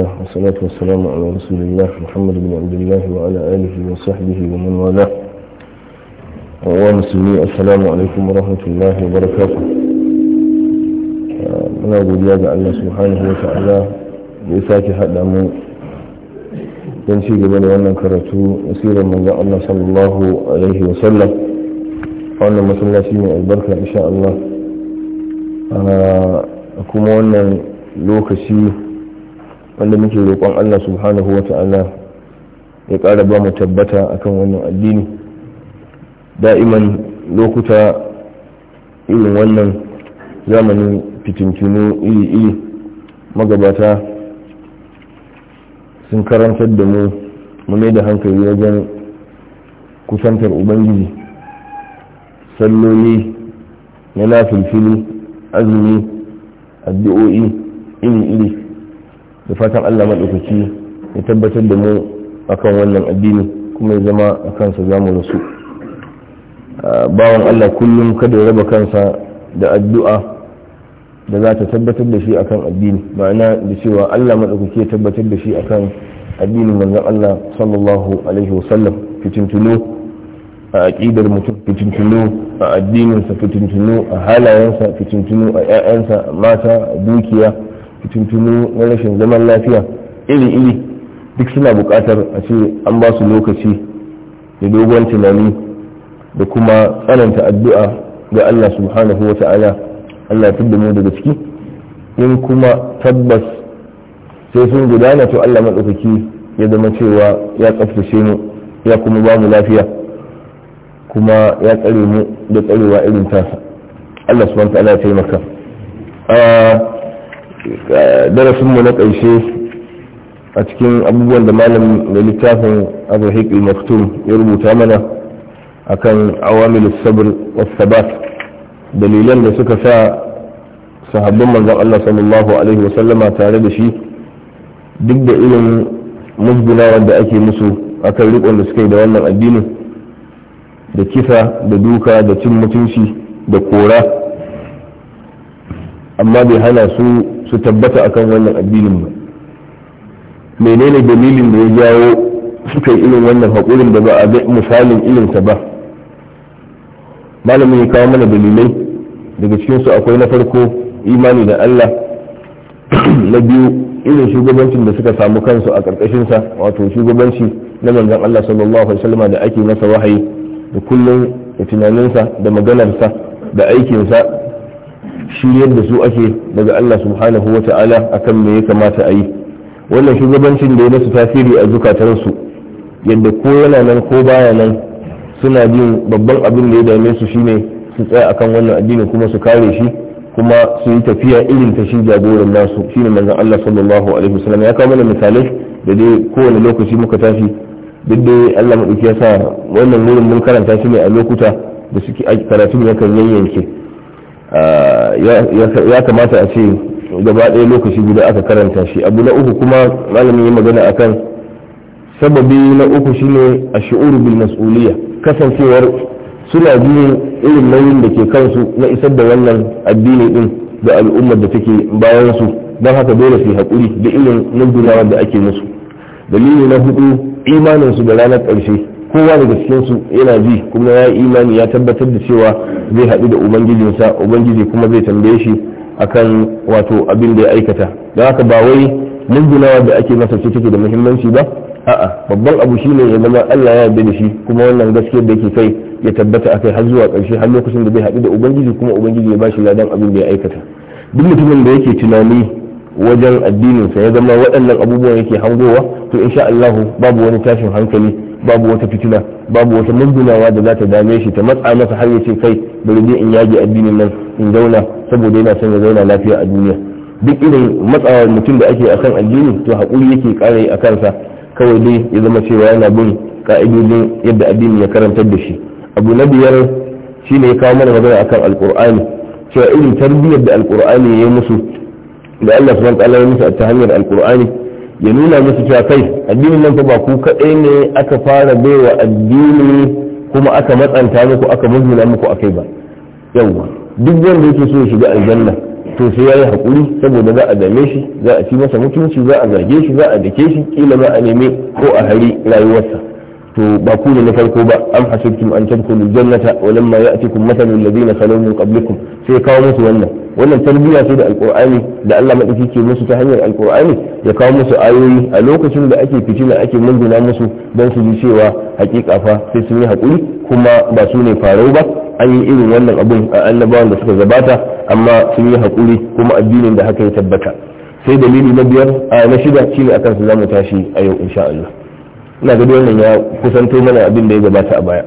والصلاة والسلام على رسول الله محمد بن عبد الله وعلى آله وصحبه ومن والاه وعوام السلمية السلام عليكم ورحمة الله وبركاته آه، من أقول يجعل الله سبحانه وتعالى بإساكي حد أمو تنشيق بني أن كرتو يسير من الله صلى الله عليه وسلم وأن ما صلى فيه البركة إن شاء الله أكون وأن لوكسي wanda muke roƙon Allah subhanahu wa ta'ala ya ƙara ba mu tabbata akan wannan addini da'iman lokuta irin wannan zamanin fitintunu iri-iri magabata sun karantar da mu mu mai da hankali wajen kusantar ubangiji salloli na nafilfili azumi addu'o'i iri-iri da fatan Allah maɗaukaki ya tabbatar da mu akan wannan addini kuma ya zama a kansa za mu rasu bawan Allah kullum kada ya raba kansa da addu'a da za ta tabbatar da shi akan addini ma'ana da cewa Allah maɗaukaki ya tabbatar da shi akan addinin manzon Allah sallallahu alaihi wasallam fitintuno a aƙidar mutum fitintuno a addininsa fitintuno a halayensa fitintuno a 'ya'yansa mata a dukiya tuntunu na rashin zaman lafiya iri-iri duk suna bukatar a ce an ba su lokaci da dogon tunani da kuma tsananta addu'a ga Allah subhanahu wa ta'ala Allah tudda mu daga ciki in kuma tabbas sai sun gudana to Allah maɗaukaki ya zama cewa ya tsaftace mu ya kuma ba mu lafiya kuma ya tsare mu da tsarewa irin tasa Allah subhanahu wa ta'ala ya taimaka ah, darasinmu na ƙarshe a cikin abubuwan da malam da littafin abu haƙi maktum ya rubuta mana akan awamil sabr wasabat dalilan da suka sa sahabban manzon Allah sallallahu alaihi wasallama tare da shi duk da irin musguna wanda ake musu akan riƙon da suka yi da wannan addinin da kisa da duka da cin mutunci da kora amma bai hana su su tabbata akan wannan addinin ba menene dalilin da ya jawo suka yi irin wannan haƙurin da ba a ga misalin irinsa ba malamin ya kawo mana dalilai daga cikinsu akwai na farko imani da allah na biyu irin shugabancin da suka samu kansu a ƙarƙashinsa wato shugabanci na manzon allah sallallahu alaihi wasallam da ake masa wahayi da kullum da tunaninsa da maganarsa da aikinsa shiryar da su ake daga Allah subhanahu wa ta'ala akan me ya kamata a yi wannan shugabancin da ya nasu tasiri a su yadda ko yana nan ko baya nan suna jin babban abin da ya dame su shine su tsaya akan wannan addini kuma su kare shi kuma su yi tafiya irin ta shi jagoran nasu shine manzon Allah sallallahu alaihi wasallam ya kawo mana misalai da dai kowane lokaci muka tashi duk dai Allah madauki ya sa wannan wurin mun karanta shi ne a lokuta da suke karatu ne kan yayyanke ya kamata a ce gaba ɗaya lokaci guda aka karanta shi abu na uku kuma malamin yi magana a kan sababi na uku shine a shi'uru bil mas'uliyya kasancewar suna jin irin nauyin da ke kansu na isar da wannan addini din ga al'ummar da take bayan su don haka dole su haƙuri da irin nugunawa da ake musu dalili na hudu imanin su da ranar ƙarshe kowa daga cikinsu yana ji kuma ya yi imani ya tabbatar da cewa zai haɗu da ubangijinsa ubangiji kuma zai tambaye shi akan wato abin da ya aikata don haka ba wai lungunawa da ake masa ce take da muhimmanci ba a'a babban abu shine ya zama Allah ya yarda da shi kuma wannan gaskiyar da yake kai ya tabbata akai har zuwa ƙarshe har lokacin da zai haɗu da ubangiji kuma ubangiji ya shi ladan abin da ya aikata duk mutumin da yake tunani wajen addininsa ya zama waɗannan abubuwan yake hangowa to insha Allah babu wani tashin hankali babu wata fitina babu wata murgunawa da za ta dame shi ta matsa masa har ya ce kai bari dai in yage addinin nan in zauna saboda yana son ya zauna lafiya a duniya duk irin matsawar mutum da ake akan addini to haƙuri yake ƙara yi a kansa kawai dai ya zama cewa yana bin ka'idodin yadda addini ya karantar da shi abu na biyar shine ya kawo mana magana akan alƙur'ani cewa irin tarbiyyar da alƙur'ani ya yi musu da Allah subhanahu wa ta'ala ya musu ta hanyar alƙur'ani ya nuna musu cewa kai addinin nan fa ba ku kaɗai ne aka fara baiwa addini kuma aka matsanta muku aka muzmina muku akai ba yawwa duk wanda yake so ya shiga aljanna to sai yayi hakuri saboda za a dame shi za a ci masa mutunci za a zage shi za a dake shi kila ma a neme ko a hari rayuwarsa to ba ku ne na farko ba am hasibtum an tadkhulul jannata walamma ya'tikum mathalul ladina khalaw min qablikum sai kawo musu wannan wannan tarbiyya sai da alkur'ani da Allah madaki ke musu ta hanyar alkur'ani ya kawo musu ayoyi a lokacin da ake fitina ake munguna musu don su ji cewa hakika fa sai sun yi hakuri kuma ba su ne farau ba an yi irin wannan abun a annabawan da suka gabata amma sun yi hakuri kuma addinin da haka ya tabbata sai dalili na biyar a na shida shine akan su zamu tashi a yau insha Allah ina ga wannan ya kusanto mana abin da ya gabata a baya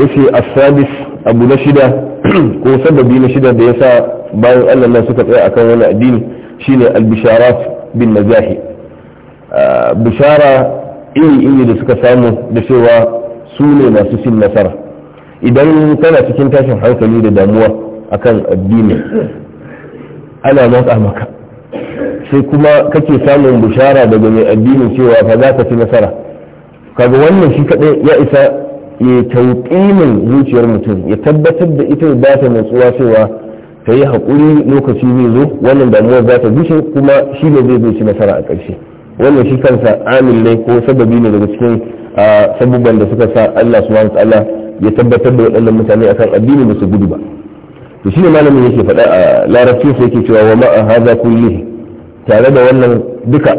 yace as-sadis abu na shida ko sababi na shida da yasa bayan Allah na suka tsaya akan wani addini shine al-bisharat bin najahi ah, bishara iri iri da suka samu da cewa su ne masu cin nasara idan kana cikin tashin hankali da damuwa akan addini ana matsa maka sai kuma kake samun bishara daga mai addinin cewa fa za ka ci nasara kaga wannan shi kaɗai ya isa ya tauƙimin zuciyar mutum ya tabbatar da ita ba ta matsuwa cewa ta yi haƙuri lokaci zai zo wannan damuwar za ta gushe kuma shi ne zai zai ci nasara a ƙarshe wannan shi kansa amin ne ko sababi ne daga cikin sabubban da suka sa Allah su wani tsalla ya tabbatar da waɗannan mutane akan addini ba su gudu ba to shine malamin yake faɗa a larabci sai yake cewa wa ma'a haza kullihi tare da wannan duka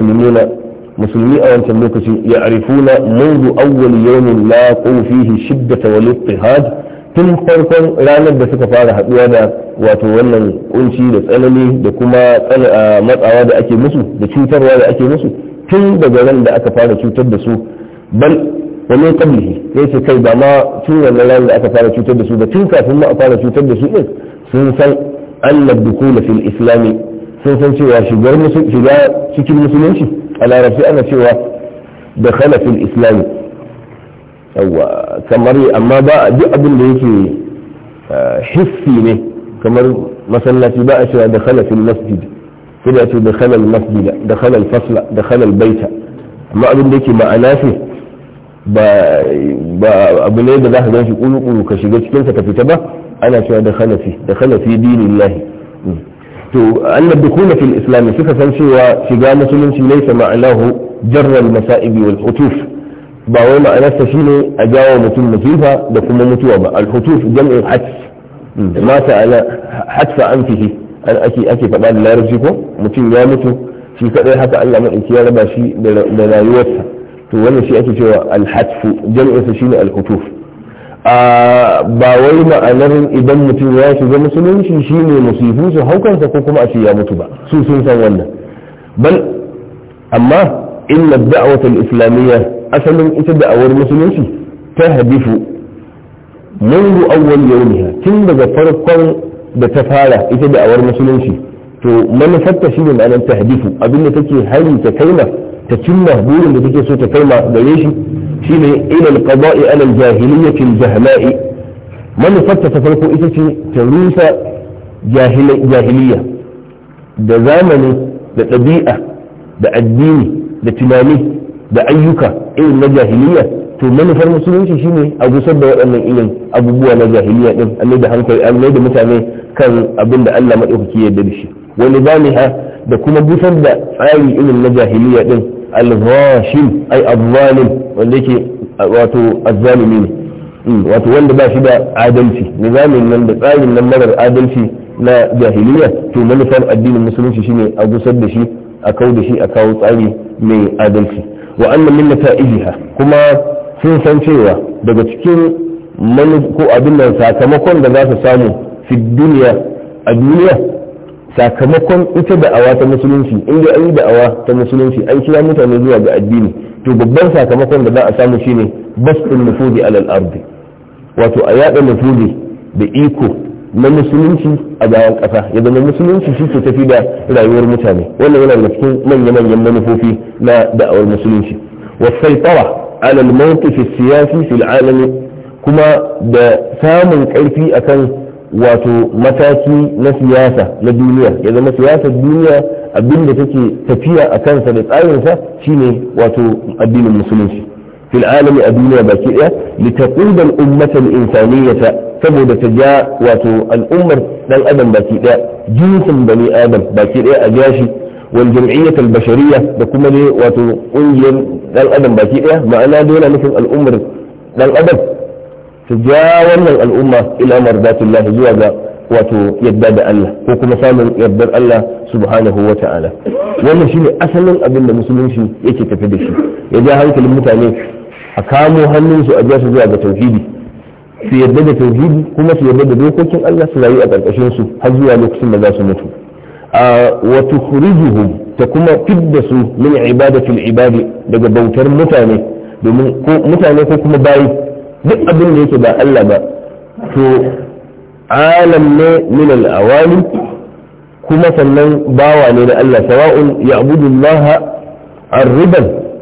musulmi na musulmi a wancan lokacin ya arifuna mundu awwal yawmin la fihi shiddata wal ittihad tun farkon ranar da suka fara haduwa da wato wannan kunci da tsanani da kuma matsawa da ake musu da cutarwa da ake musu tun daga ran da aka fara cutar da su bal wa min qablihi sai kai ba ma tun wannan ranar da aka fara cutar da su ba tun kafin ma a fara cutar da su din sun san annad dukula fil islami sun san cewa shigar shiga cikin musulunci الأرابي أنا شو دخل في الإسلام هو كمري أما بقى دي أبن ليه آه، في حسي له كمري مثلا في بقى شو دخل في المسجد كده دخل المسجد دخل الفصل دخل البيت أما أبن ليه ما أنا في ب ب أبن ليه بذاك ده يقولوا كشجعت كنت كتبته أنا شو دخل فيه دخلت في دين الله to anna dukula fil islam suka san cewa shiga musulunci laisa ma'anahu jarral masa'ibi wal hutuf ba wai ma'anarsa shine a jawo mutum musifa da kuma mutuwa ba al hutuf jam'in hajj mata ala hajfa anfihi an ake ake faɗa da larabci ko mutum ya mutu shi kadai haka Allah madauki ya raba shi da rayuwarsa to wannan shi ake cewa al hajfu jam'in sa shine al hutuf a ba wai ma'anar idan mutum ya shiga musulunci shine musifu su haukansa ko kuma a ce ya mutu ba su sun san wannan bal amma inna da'wat al-islamiyya asalin ita da'awar musulunci ta hadifu منذ أول يومها tun daga farkon da ta fara ita da'awar musulunci to manufarta shi ne ma'anar tahdifu abinda take hari ta kaina ta cimma burin da take so ta kai ma gare shi shine ila alqada'i ala aljahiliyyati aljahma'i manufarta ta farko ita ce ta rusa jahiliya da zamani da ɗabi'a da addini da tunani da ayyuka irin na jahiliya to manufar musulunci shine a gusar da waɗannan irin abubuwa na jahiliya din annai da hankali annai da mutane kan abin da Allah maɗaukaki ya yarda da shi wani zamiha da kuma gusar da tsari irin na jahiliya din al-ghashim ai az wanda yake wato az ne hmm, wato wanda ba shi da adalci nizamin nan da tsarin nan marar adalci na jahiliya to manufar addinin musulunci shine a gusar da shi a kau da shi a kawo tsari mai adalci wa annan min nata'ijiha kuma sun san cewa daga cikin ko abin nan sakamakon da za su samu fi duniya a duniya sakamakon ita da'awa ta musulunci inda an yi da'awa ta musulunci an kira mutane zuwa ga addini to babban sakamakon da za a samu shine basɗin nufudi alal ardi wato a yada nufudi da iko na musulunci a bayan ƙasa ya zama musulunci shi ke tafi da rayuwar mutane wannan yana da cikin manya-manyan manufofi na da'awar musulunci wasaitara alal mawqif siyasi fil alami kuma da samun ƙarfi akan wato mataki na siyasa na duniya ya zama siyasar duniya abinda take tafiya a kansa da tsarinsa shine wato addinin musulunci fil alami a duniya baki daya litaqudal ummatal insaniyata saboda ta ja wato al'ummar dan adam baki daya jinsin bani adam baki daya a jashi والجمعية البشرية بكم لي وتقول دل أدم باكي إيه ما أنا دولة مثل الأمر دل أدم su ja wannan al'umma ila mardatillahi zuwa ga wato yadda da Allah ko kuma samun yardar Allah subhanahu wa ta'ala wannan shine asalin abin da musulunci yake tafi da shi ya ja hankalin mutane a kamo hannunsu a ja su zuwa ga tauhidi su yarda da tauhidi kuma su yarda da dokokin Allah su rayu a ƙarƙashin su har zuwa lokacin da za su mutu wa tukhrijuhum ta kuma fidda su min ibadatul ibadi daga bautar mutane domin ko mutane ko kuma bayi duk abin da yake ba Allah ba to alam ne min al-awali kuma sannan bawa ne na Allah sawa'un ya'budu Allah ar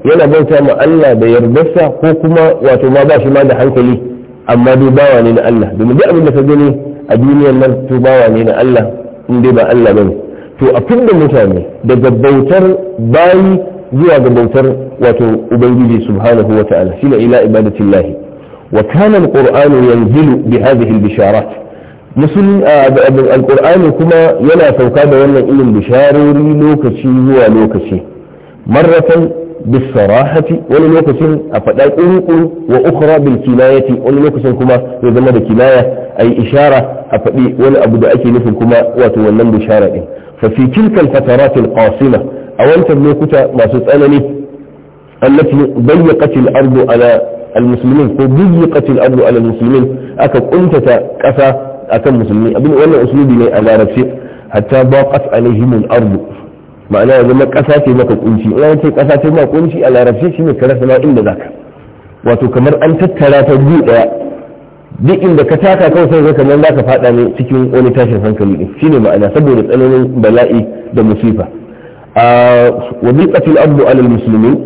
yana bauta ma Allah da yardarsa ko kuma wato ma ba shi ma da hankali amma dai bawa ne na Allah domin duk abin da ka gani a duniyar nan to bawa ne na Allah in dai ba Allah bane to a da mutane daga bautar bayi zuwa ga bautar wato ubangiji subhanahu wa ta'ala shine ila ibadatillahi وكان القرآن ينزل بهذه البشارات مسلم آه، القرآن كما يلا فوكاد وانا إلي البشار لوكشي هو لوكشي مرة بالصراحة ولا لوكشي أفضل أنقل وأخرى بالكناية ولا لوكشي كما يظن هذا أي إشارة أفضل ولا أبدا أكي نفل كما وتولن بشارة ففي تلك الفترات القاصمة أولت بلوكتا ما ستألني التي ضيقت الأرض على al ko bujiqatil ardu ala al-muslimin aka kuntata kasa akan musulmi abin wannan usulubi ne a larabci hatta baqat alaihim al-ardu zama kasa maka kunci ina ce kasa kunci a larabci shine ka rasa inda zaka wato kamar an tattara ta biyu daya duk inda ka taka kawai sai ga kamar zaka fada ne cikin wani tashin hankali ne shine ma'ana saboda tsananin bala'i da musifa وضيقت الأرض على المسلمين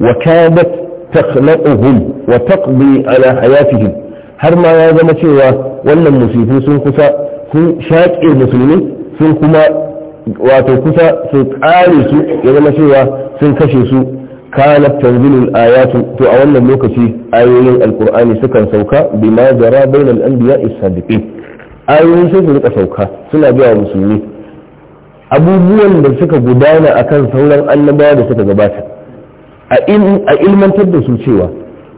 وكادت taqla'uhum wa taqdi ala hayatihim har ma ya zama cewa wannan musifu sun kusa sun shaƙe musulmi sun kuma wato kusa sun ƙare su ya zama cewa sun kashe su kanat tanzilul ayatu to a wannan lokaci ayoyin alqur'ani sukan sauka bima jara bainal anbiya'i sabiqin ayoyin sun rika sauka suna biya musulmi abubuwan da suka gudana akan sauran annabawa da suka gabata a ilmantar da su cewa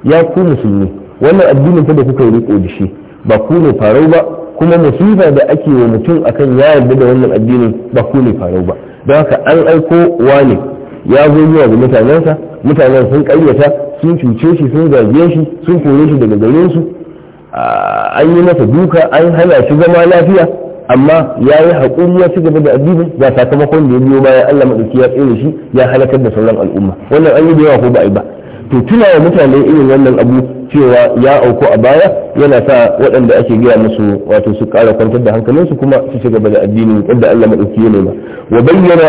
ya ku musulmi wannan addinin ta da kuka yi riko da shi ba ku ne farau ba kuma musulma da ake wa mutum akan ya yarda da wannan addinin ba ku ne farau ba don haka an aiko wane ya zo zuwa ga mutanensa mutanen sun karyata sun cuce shi sun zage shi sun kore shi daga gare su an yi masa duka an hana shi zama lafiya amma ya yi haƙuri ya ci gaba da addini ga sakamakon da ya biyo bayan Allah maɗauki ya tsere shi ya halakar da sauran al'umma wannan an yi da yawa ko ba a yi ba to tuna wa mutane irin wannan abu cewa ya auku a baya yana sa waɗanda ake gaya musu wato su ƙara kwantar da hankalinsu kuma su ci gaba da addini yadda Allah maɗauki ya nema wa bayyana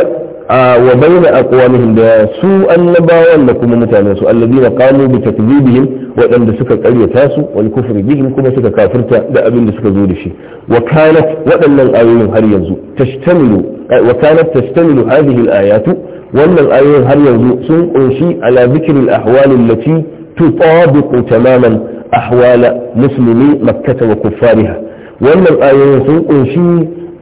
wa bayyana aqwamihim da su annabawan da kuma mutanen su alladina qalu bi takdhibihim waɗanda suka ƙaryata su wal kufri bihim kuma suka kafirta da abin da suka zo da shi wa kanat waɗannan ayoyin har yanzu tashtamilu wa kanat tashtamilu hadhihi al-ayatu wannan ayoyin har yanzu sun kunshi ala zikril ahwal allati tutabiqu tamaman ahwal muslimi makkah wa kuffariha wannan ayoyin sun kunshi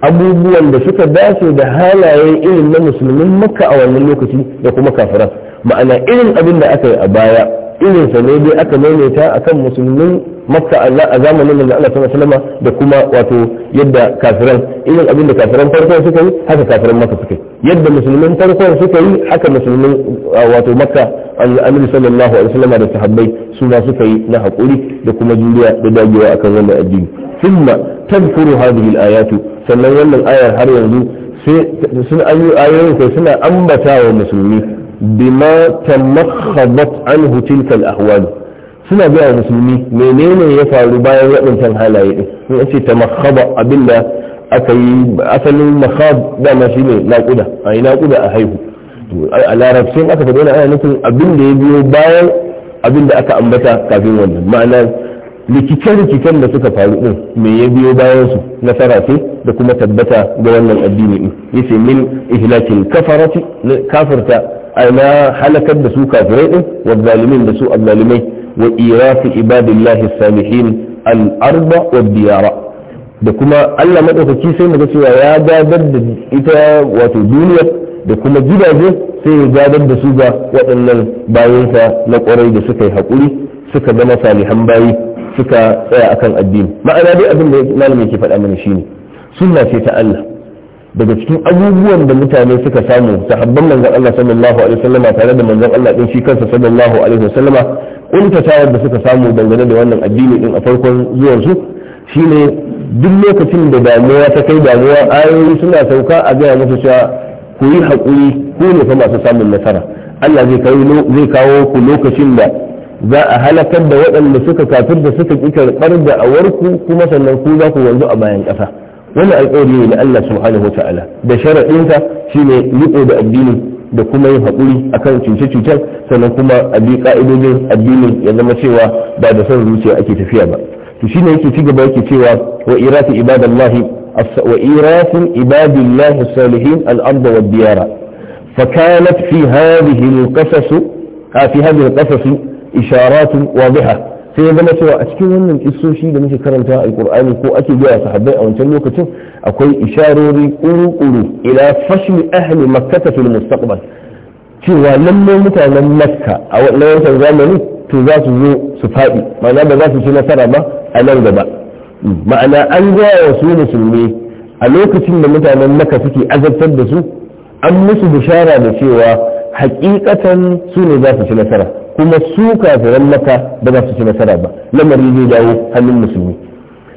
abubuwan da suka dace da halayen irin na musulmin makka a wannan lokaci da kuma kafiran ma'ana irin abin da aka yi a baya irin sa ne dai aka maimaita akan musulmin makka a zamanin da Allah sallallahu da kuma wato yadda kafiran irin abin da kafiran farko suka yi haka kafiran makka suka yi yadda musulmin farko suka yi haka musulmin wato makka annabi sallallahu alaihi wasallam da sahabbai su ma suka yi na hakuri da kuma juriya da dagewa akan wannan addini thumma tadhkuru hadhihi al-ayatu sannan wannan ayar har yanzu sun ayoyin sai suna ambata wa musulmi bima tamakhadat anhu tilka al-ahwal suna biya musulmi menene ya faru bayan waɗancan halaye ɗin sun ce ta makhaba abinda aka yi asalin makhab dama shi ne naƙuda a yi naƙuda a haihu a larabcin aka faɗi wani ana nufin abinda ya biyo bayan abinda aka ambata kafin wannan ma'ana rikice-rikicen da suka faru ɗin me ya biyo bayan su nasara ce da kuma tabbata ga wannan addini ɗin ce min ihlakin kafarati kafirta ana halakar da su kafirai ɗin wa zalimin da su azzalimai wa irafi ibadillahi samihin al-arba wa da kuma Allah madaukaki sai muga cewa ya gadar da ita wato duniya da kuma gidaje sai ya gadar da su ga waɗannan bayansa na ƙwarai da suka yi haƙuri suka zama salihan bayi suka tsaya akan addini ma'ana dai abin da malami yake faɗa mana shine sunna ce ta Allah daga cikin abubuwan da mutane suka samu sahabban manzon Allah sallallahu alaihi wasallama tare da manzon Allah din shi kansa sallallahu alaihi wasallama kuntatawar da suka samu dangane da wannan addini din a farkon zuwansu shine duk lokacin da damuwa ta kai damuwa ayoyi suna sauka a gaya masu cewa ku yi haƙuri ku ne fa masu samun nasara Allah zai kawo ku lokacin da za a halakar da waɗanda suka kafir da suka ƙi karɓar da awarku kuma sannan ku za ku wanzu a bayan ƙasa wannan alƙawari ne na Allah subhanahu wa ta'ala da sharaɗinsa shine riƙo da addinin da kuma yin haƙuri akan cuce-cucen sannan kuma a bi ka'idojin addinin ya zama cewa ba da son zuciya ake tafiya ba to shine yake ci gaba yake cewa wa irasi ibadallahi wa irasin ibadillahi salihin al-ard wa diyara فكانت في هذه fi في هذه القصص إشارات واضحة sai ya zama cewa a cikin wannan kisoshi da muke karanta alkur'ani ko ake gaya sahabbai a wancan lokacin akwai isharori kuru-kuru ila fashin ahli makkata fil mustaqbal cewa lalle mutanen makka a wannan zamani to za su zo su faɗi ma'ana ba za su ci nasara ba a nan gaba ma'ana an gaya wa su musulmi a lokacin da mutanen makka suke azabtar da su an musu bishara da cewa hakikatan su ne za su ci nasara kuma su kafiran maka ba za su ci nasara ba lamarin zai dawo hannun musulmi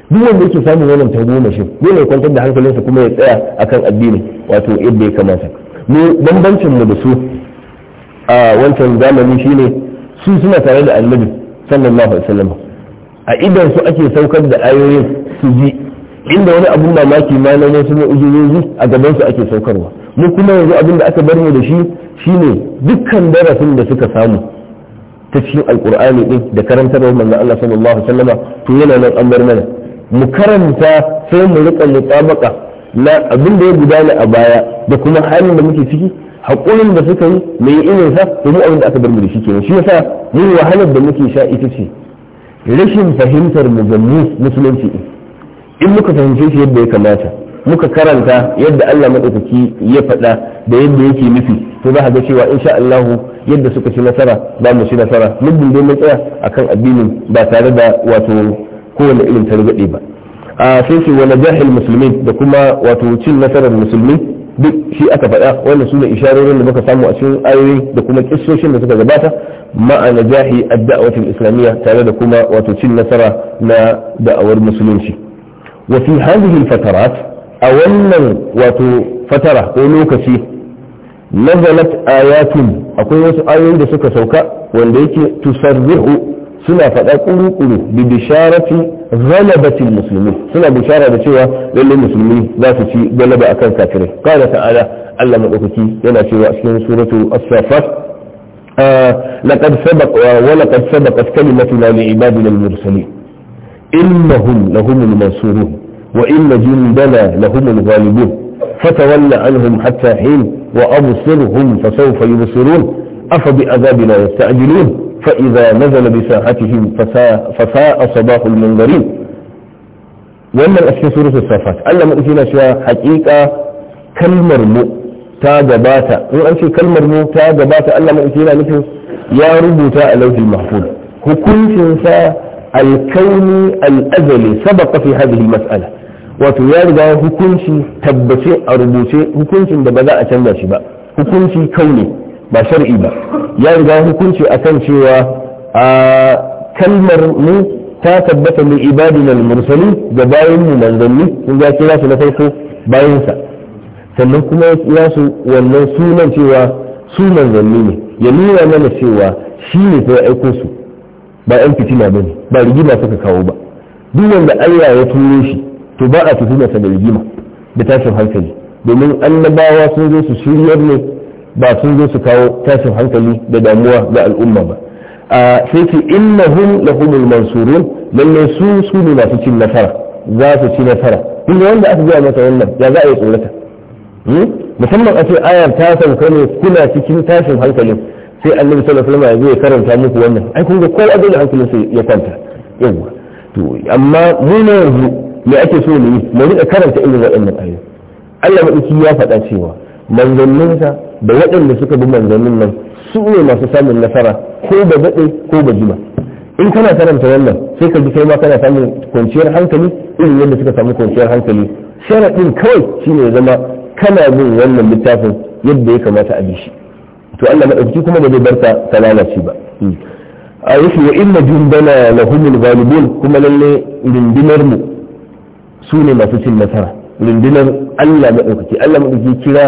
duk wanda yake samun wannan shi dole ya kwantar da hankalinsa kuma ya tsaya kan addini wato yadda ya kamata mu bambancin mu da su a wancan zamani shine su suna tare da annabi sannan alaihi wasallam a idan su ake saukar da ayoyin su ji inda wani abun mamaki ma na wasu mu'ujizozi a gaban su ake saukarwa mu kuma yanzu abin da aka bar mu da shi shine dukkan darasin da suka samu ta cikin alkur'ani din da karantar manzon Allah sallallahu alaihi wasallama to yana nan an mana mu karanta sai mu rika mutabaka na abin da ya gudana a baya da kuma halin da muke ciki haƙurin da suka yi mai irin sa to mu abin da aka bar mu da shi kenan shi yasa mu wahalar da muke sha ita ce rashin fahimtar muzammu musulunci in muka fahimce shi yadda ya kamata muka karanta yadda Allah madaukaki ya faɗa da yadda yake nufi to za ga cewa insha Allah yadda suka ci nasara za mu ci nasara muddin dai mun tsaya akan addinin ba tare da wato kowane irin targaɗe ba a sai ce wani jahil musulmi da kuma wato cin nasarar musulmi duk shi aka faɗa wannan su ne isharorin da muka samu a cikin ayoyi da kuma kissoshin da suka gabata ma'ana jahi ad-da'watul islamiyya tare da kuma wato cin nasara na da'awar musulunci wa fi hadhihi al-fatarat a wannan wato fatara ko lokaci nazalat ayatun akwai wasu ayoyi da suka sauka wanda yake tusarrihu suna faɗa kuru-kuru bi bisharati ghalabatil muslimin suna bishara da cewa lalle musulmi za su ci galaba akan kafirai qala ta'ala Allah madaukaki yana cewa a cikin suratu as-safat laqad sabaq wa laqad sabaqat kalimatuna li ibadina al-mursalin innahum lahumul mansurun wa inna jundana lahumul ghalibun فتول عنهم حتى حين وأبصرهم فسوف يبصرون أفبعذابنا يستعجلون فإذا نزل بساحتهم فساء, فساء صباح المنظرين وأن الأشياء سورة الصفات ألا مؤتنا شواء حقيقة كلمر مؤتا دباتا وأنشي كلمر مؤتا دباتا ألا مؤتنا نفسه يا رب ربطاء لوث المحفوظ هكونش نساء الكون الأزلي سبق في هذه المسألة wato ya riga hukunci tabbace a rubuce hukuncin da ba za a canza shi ba hukunci kaune ba shar'i ba ya riga hukunci a kan cewa a kalmar mu ta tabbata mai ibadin al-mursali da bayan mu manzanni sun ga kira su na farko bayansa. sannan kuma ya su wannan sunan cewa su manzanni ne ya nuna mana cewa shi ne ta aiko su ba yan fitina ba ne ba rigima suka kawo ba duk wanda Allah ya turo shi to ba a tuhuma sa da da tashin hankali domin annabawa sun zo su shiryar ne ba sun zo su kawo tashin hankali da damuwa ga al'umma ba a sai ce innahum lahumul mansurun lalle su su ne masu cin nasara za su ci nasara inda wanda aka gaya masa wannan ya za a yi tsorata hmm? musamman a ce ayar ta sauka ne kuna cikin tashin hankalin sai annabi sallallahu alaihi wasallam ya zo ya karanta muku wannan ai kun ga ko dole hankalin sai ya kwanta yawa to amma mu ne yanzu me ake so mu yi mu rika karanta irin waɗannan ayoyi Allah ya faɗa cewa manzanninsa da waɗanda suka bi manzannin nan su ne masu samun nasara ko ba daɗe ko ba jima in kana karanta wannan sai ka ji kai ma kana samun kwanciyar hankali irin yadda suka samu kwanciyar hankali sharaɗin kawai shine ya zama kana bin wannan littafin yadda ya kamata a bi shi to Allah madauki kuma ba zai bar ka lalace ba hmm. a yake wa inna jundana lahumul ghalibun kuma lalle rindinar mu su ne masu cin nasara rundunar Allah maɗaukaki Allah maɗaukaki kira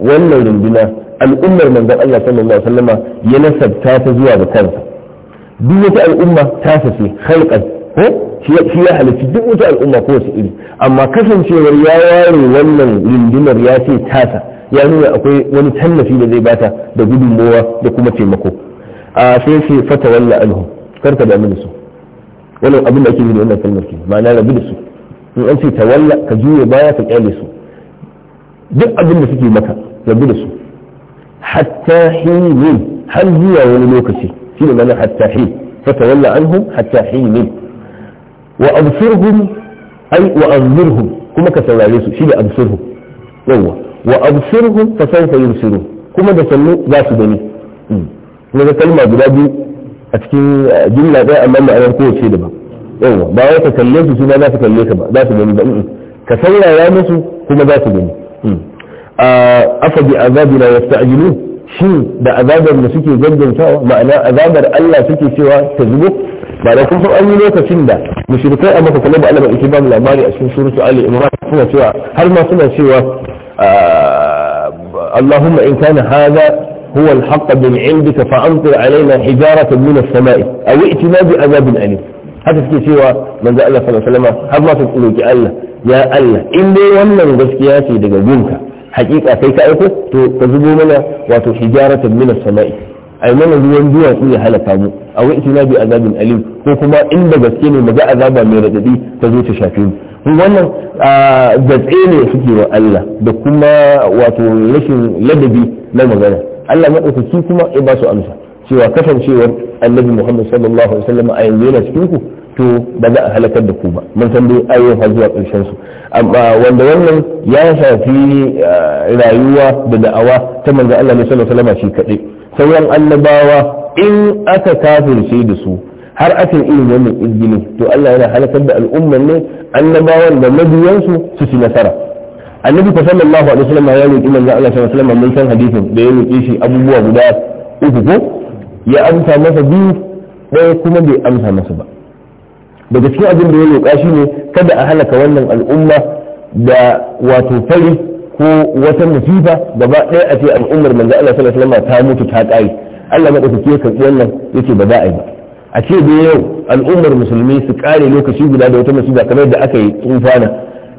wannan runduna al'ummar manzon Allah sallallahu alaihi wasallama ya nasabta ta zuwa ga kansa duk wata al'umma ta sace khalqan ko shi ya halitta duk wata al'umma ko su iri amma kasancewar ya ware wannan rundunar ya ce tasa ya nuna akwai wani tallafi da zai bata da gudunmowa da kuma taimako a sai sai fata walla ka karka da su wannan abin da ake yi da wannan kalmar ke ma'ana rabu da su in an ce tawalla ka juye baya ka kyale su duk abin da suke maka rabu da su hatta hinin har zuwa wani lokaci shi ne mana hatta hin fatawalla anhum hatta hinin wa absurhum ai wa anzurhum kuma ka saurare su shi ne absurhum yawwa wa absurhum fa sawfa yubsirun kuma da sannu za su gani ne hmm. kalma guda biyu a cikin eh, jumla ɗaya amma ma'anar kowace daban yawa ba wai ka kalle su su ba za su kalle ka ba za su gani ba ka saurara musu kuma za su gani afa bi azabina yasta'jilun shin da azabar da suke gaggautawa ma'ana azabar Allah suke cewa ta zubo ba da kun an yi lokacin da mushrikai a maka kallon Allah ba yake ba labari a cikin suratu Ali Imran suna cewa har ma suna cewa Allahumma in kana hadha huwa al-haqq min 'indika fa'amtir alaina hijaratan min as-sama'i aw i'tina bi azabin alim haka suke cewa manzo Allah sallallahu alaihi wasallam har ma su roki Allah ya Allah in dai wannan gaskiya ce daga gunka hakika kai ka aiko to ka zubo mana wato hijaratan min as-sama'i ai mana ruwan duwatsu ya halaka mu a wai itina bi azabin alim ko kuma in da gaske ne maza azaba mai radadi ta zo ta shafe mu wannan gatse ne suke wa Allah da kuma wato rashin ladabi na magana Allah maɗaukaki kuma ya ba su amsa cewa kasancewar annabi muhammad sallallahu alaihi wasallam a yanzu yana cikin ku to ba za a halakar da ku ba mun san dai ayo har zuwa ƙarshen su amma wanda wannan ya shafi ah, rayuwa da da'awa ta manzo Allah ne sallallahu alaihi wasallam shi kadai sauran annabawa in aka kafirce da su har akan irin wannan izgini to Allah yana halakar da al'umman ne annabawan da mabiyansu su ci nasara annabi fa sallallahu alaihi wasallam ya roki manzo Allah sallallahu alaihi wasallam mun san hadisin da ya roki shi abubuwa guda uku ko ya amsa masa biyu ɗaya kuma bai amsa masa ba daga cikin abin da ya roƙa shi ne kada a halaka wannan al'umma da wato fari ko wata musifa gaba ɗaya a ce al'ummar manzo Allah sallallahu alaihi wasallam ta mutu ta ƙare Allah madaukake ya karɓi nan yake ba za a yi ba a ce da yau al'ummar musulmi su ƙare lokaci guda da wata musiba kamar da aka yi tsufana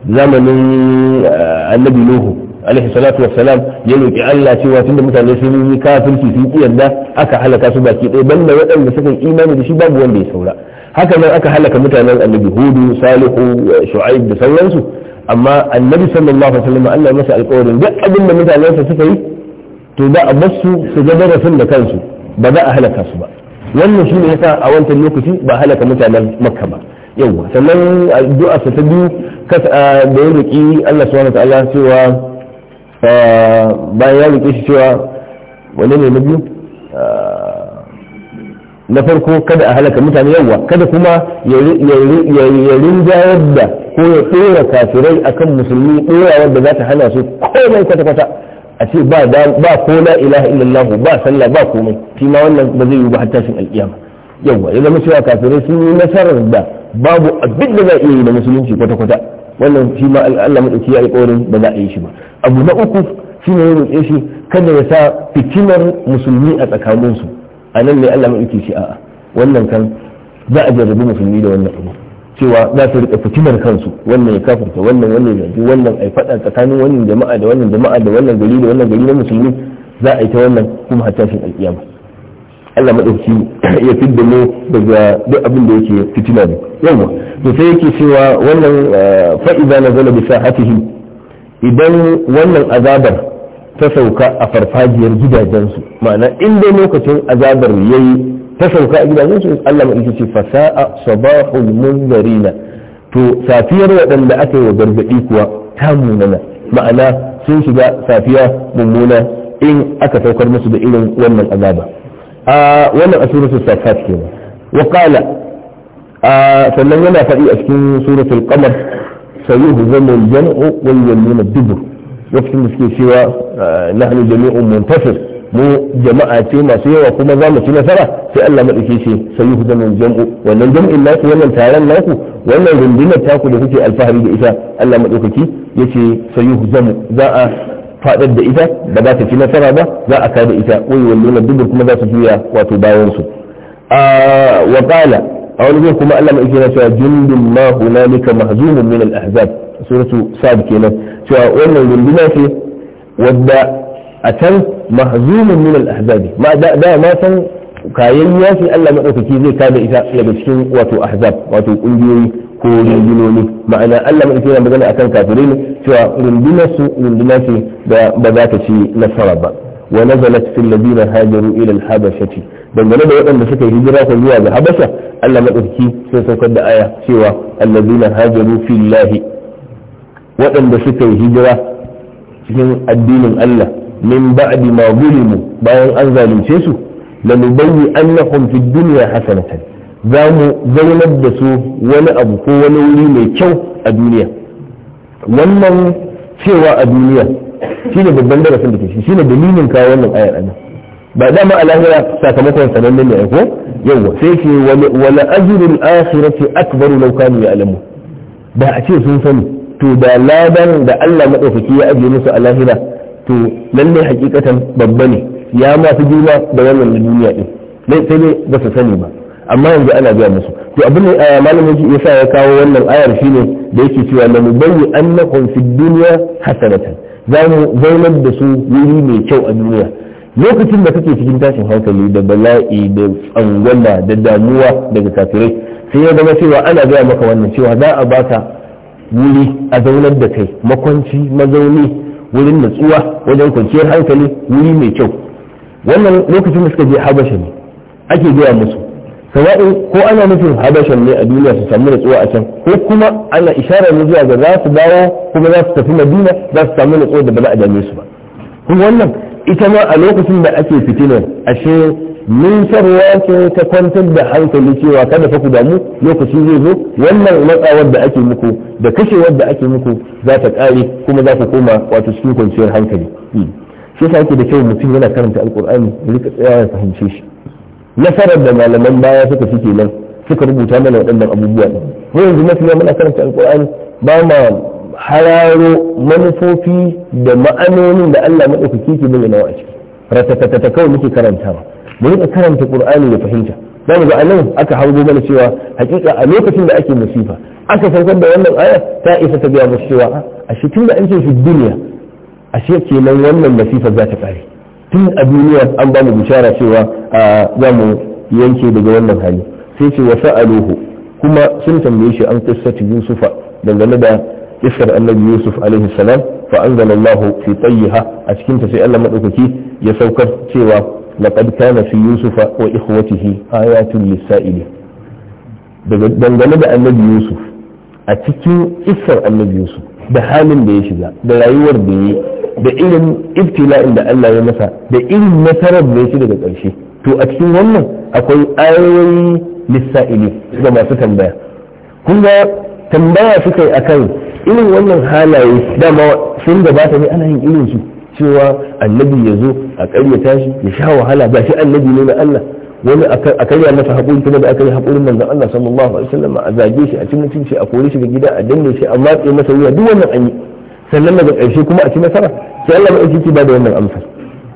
zamanin eh, annabi Nuhu alaihi salatu wassalam ya roki Allah cewa tunda mutane sun yi kafirci sun ki yarda aka halaka su baki ɗaya banda waɗanda suka imani da shi babu wanda ya saura haka nan aka halaka mutanen annabi hudu salihu shu'aib da sauransu amma annabi sallallahu alaihi wasallam Allah masa alƙawarin duk abin da mutanensa suka yi to ba a basu su ga darasin da kansu ba za a halaka su ba wannan shine yasa a wancan lokaci ba halaka mutanen makka ba yawa sannan addu'a ta biyu da ya roki Allah subhanahu wa ta'ala cewa bayan ya roƙe shi cewa wani ne na biyu na farko kada a halaka mutane yawa kada kuma ya rinjayar da ko ya tsora kafirai akan musulmi tsora wadda za ta hana su komai kwata-kwata a ce ba ba ko la ilaha illallah ba sallah ba komai shi ma wannan ba zai yi ba har tashin alkiyama yawa ya zama cewa kafirai sun yi nasarar da babu abin da za a iya yi da musulunci kwata-kwata wannan shi ma Allah madauki ya alƙawarin ba za a yi shi ba abu na uku shi ne ya roƙe shi kada ya sa fitinar musulmi a tsakaninsu a nan ne Allah madauki shi a'a wannan kan za a jarrabi musulmi da wannan abu cewa za su rika fitinar kansu wannan ya kafirta wannan wannan ya wannan ai faɗa tsakanin wannan jama'a da wannan jama'a da wannan gari da wannan gari na musulmi za a yi ta wannan kuma hatta shin alƙiyama Allah madauki ya fi mu daga duk abin da yake fitina ne yawa to sai yake cewa wannan eh, fa'iza na zala bisa sahatihi idan wannan azabar ta sauka a farfajiyar gidajensu ma'ana in dai lokacin azabar yayi ta sauka a gidajensu Allah madauki ce fasa'a sabahul munzarina to safiyar waɗanda aka yi wa gargaɗi kuwa ta munana ma'ana sun shiga safiya mummuna in aka saukar musu da irin wannan azaba a wannan a suratul safat kenan wa qala sannan yana faɗi a cikin suratul qamar sayuhzamu al-jam'u wal yamina dubur lokacin da suke cewa nahnu jami'un muntasir mu jama'a ce masu yawa kuma za mu ci nasara sai Allah madauke shi sayuhzamu al-jam'u wannan jam'in naku wannan taron naku wannan rundunar taku da kuke alfahari da ita Allah madaukaki yace sayuhzamu za a fadar da ita ba za ta ci nasara ba za a kada ita wai na dubur kuma za su juya wato bayan su wa qala a wani gun kuma Allah mai kira cewa jundun ma hunalika mahzumun min al-ahzab suratu sad kenan cewa wannan runduna ce wadda a can mahzumun min al-ahzab ma da ma san kayan yaki Allah madaukaki zai kada ita daga cikin wato ahzab wato kungiyoyi ko rundunoni ma'ana Allah mai yana magana akan kafirai ne cewa rundunar su runduna ce da ba za ta ci nasara ba wa nazalat fil ladina hajaru ila al habashati dangane da waɗanda suka yi hijira ko zuwa ga habasha Allah madaukaki sai saukar da aya cewa alladina hajaru fillahi waɗanda suka yi hijira cikin addinin Allah min ba'di ma zulimu bayan an zalunce su lanubayyi annahum fid dunya hasanatan za mu zaunar da su wani abu ko wani wuri mai kyau a duniya wannan cewa a duniya shine babban darasin da ke shi shine dalilin kawo wannan ayar anan ba dama a lahira sakamakon sanannen ne ko yawa sai ce wala ajrul akhirati akbaru law kanu ya'lamu Ba a ce sun sani to da ladan da Allah madaukaki ya ajiye musu a lahira to lalle hakikatan babba ne ya ma fi girma da wannan duniya din sai dai ba su sani ba amma yanzu ana gaya musu to abin da eh, malamin yasa ya kawo wannan ayar shine da yake cewa la mubayyi annakum fi dunya hasanatan za mu zaunar da su wuri mai kyau a duniya lokacin da kake cikin tashin hankali da bala'i da tsangwala da damuwa daga kafirai sai ya zama cewa ana gaya maka wannan cewa za a baka wuri a zaunar da kai makwanci mazauni wurin natsuwa wajen kwanciyar hankali wuri mai kyau wannan lokacin da suka je habasha ne ake gaya musu sawa'in ko ana nufin hadashan ne a duniya su samu nutsuwa a can ko kuma ana isharar ne zuwa ga za su dawo kuma za su tafi madina za su samu nutsuwa da ba za a dame su ba kuma wannan ita ma a lokacin da ake fitinar ashe nusarwa ce ta kwantar da hankali cewa kada fa ku damu lokaci zai zo wannan matsawar da ake muku da kashewar da ake muku za ta kare kuma za ku koma wato cikin kwanciyar hankali hmm. shi yasa yake da kyau mutum yana karanta alkur'ani ya rika tsayawa ya fahimce shi nasarar da malaman baya suka fi kenan suka rubuta mana waɗannan abubuwa mu yanzu mafiya muna karanta Alƙur'ani, ba ma hararo manufofi da ma'anonin da Allah maɗaukaki ke bayyana a ciki ratatatata kawai muke karantawa mu rika karanta qur'ani ya fahimta dan ga anan aka hango mana cewa hakika a lokacin da ake musifa aka farkon da wannan aya ta isa ta biya musu cewa a shi tun da an ce shi duniya ashe kenan wannan masifa za ta kare tun a duniya an ba mu bishara cewa za mu yanke daga wannan hali sai ce wa sa'aluhu kuma sun tambaye shi an qissatu yusufa dangane da kissar annabi yusuf alaihi salam fa anzalallahu fi tayyiha a cikin ta sai Allah madaukaki ya saukar cewa laqad kana fi yusufa wa ikhwatihi ayatun lis-sa'ili dangane da annabi yusuf a cikin kissar annabi yusuf da halin da ya shiga da rayuwar da ya yi da irin ibtila'in da Allah ya masa da irin nasarar da shi daga ƙarshe to a cikin wannan akwai ayoyi lissa'ili ga masu tambaya kun ga tambaya suka yi akan irin wannan halaye dama sun gabata ne ana yin irin su cewa annabi ya zo a ƙarya tashi ya sha wahala ba shi annabi ne na Allah wani a karya masa haƙuri kuma da aka yi haƙurin manzon Allah sallallahu alaihi wasallam a zage shi a cin mutunci a kore shi ga gida a danne shi a matse masa wuya duk wannan an yi sannan daga ƙarshe kuma a ci nasara sai Allah maɗaukaki ba da wannan amsar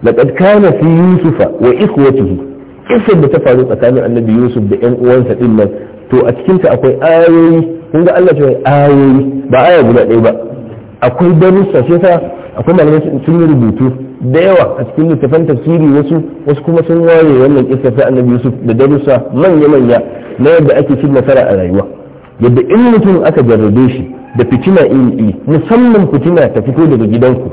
laqad kana fi yusufa wa ikhwatihi kisar da ta faru tsakanin annabi yusuf da ƴan uwansa din nan to a cikin ta akwai ayoyi kun ga Allah cewa ayoyi ba aya guda ɗaya ba akwai darussa sai akwai malamai sun yi rubutu da yawa a cikin littafan tafsiri wasu wasu kuma sun ware wannan kisa ta annabi yusuf da darussa manya-manya na yadda ake cin nasara a rayuwa yadda in mutum aka jarrabe shi da fitina yi musamman fitina ta fito daga gidanku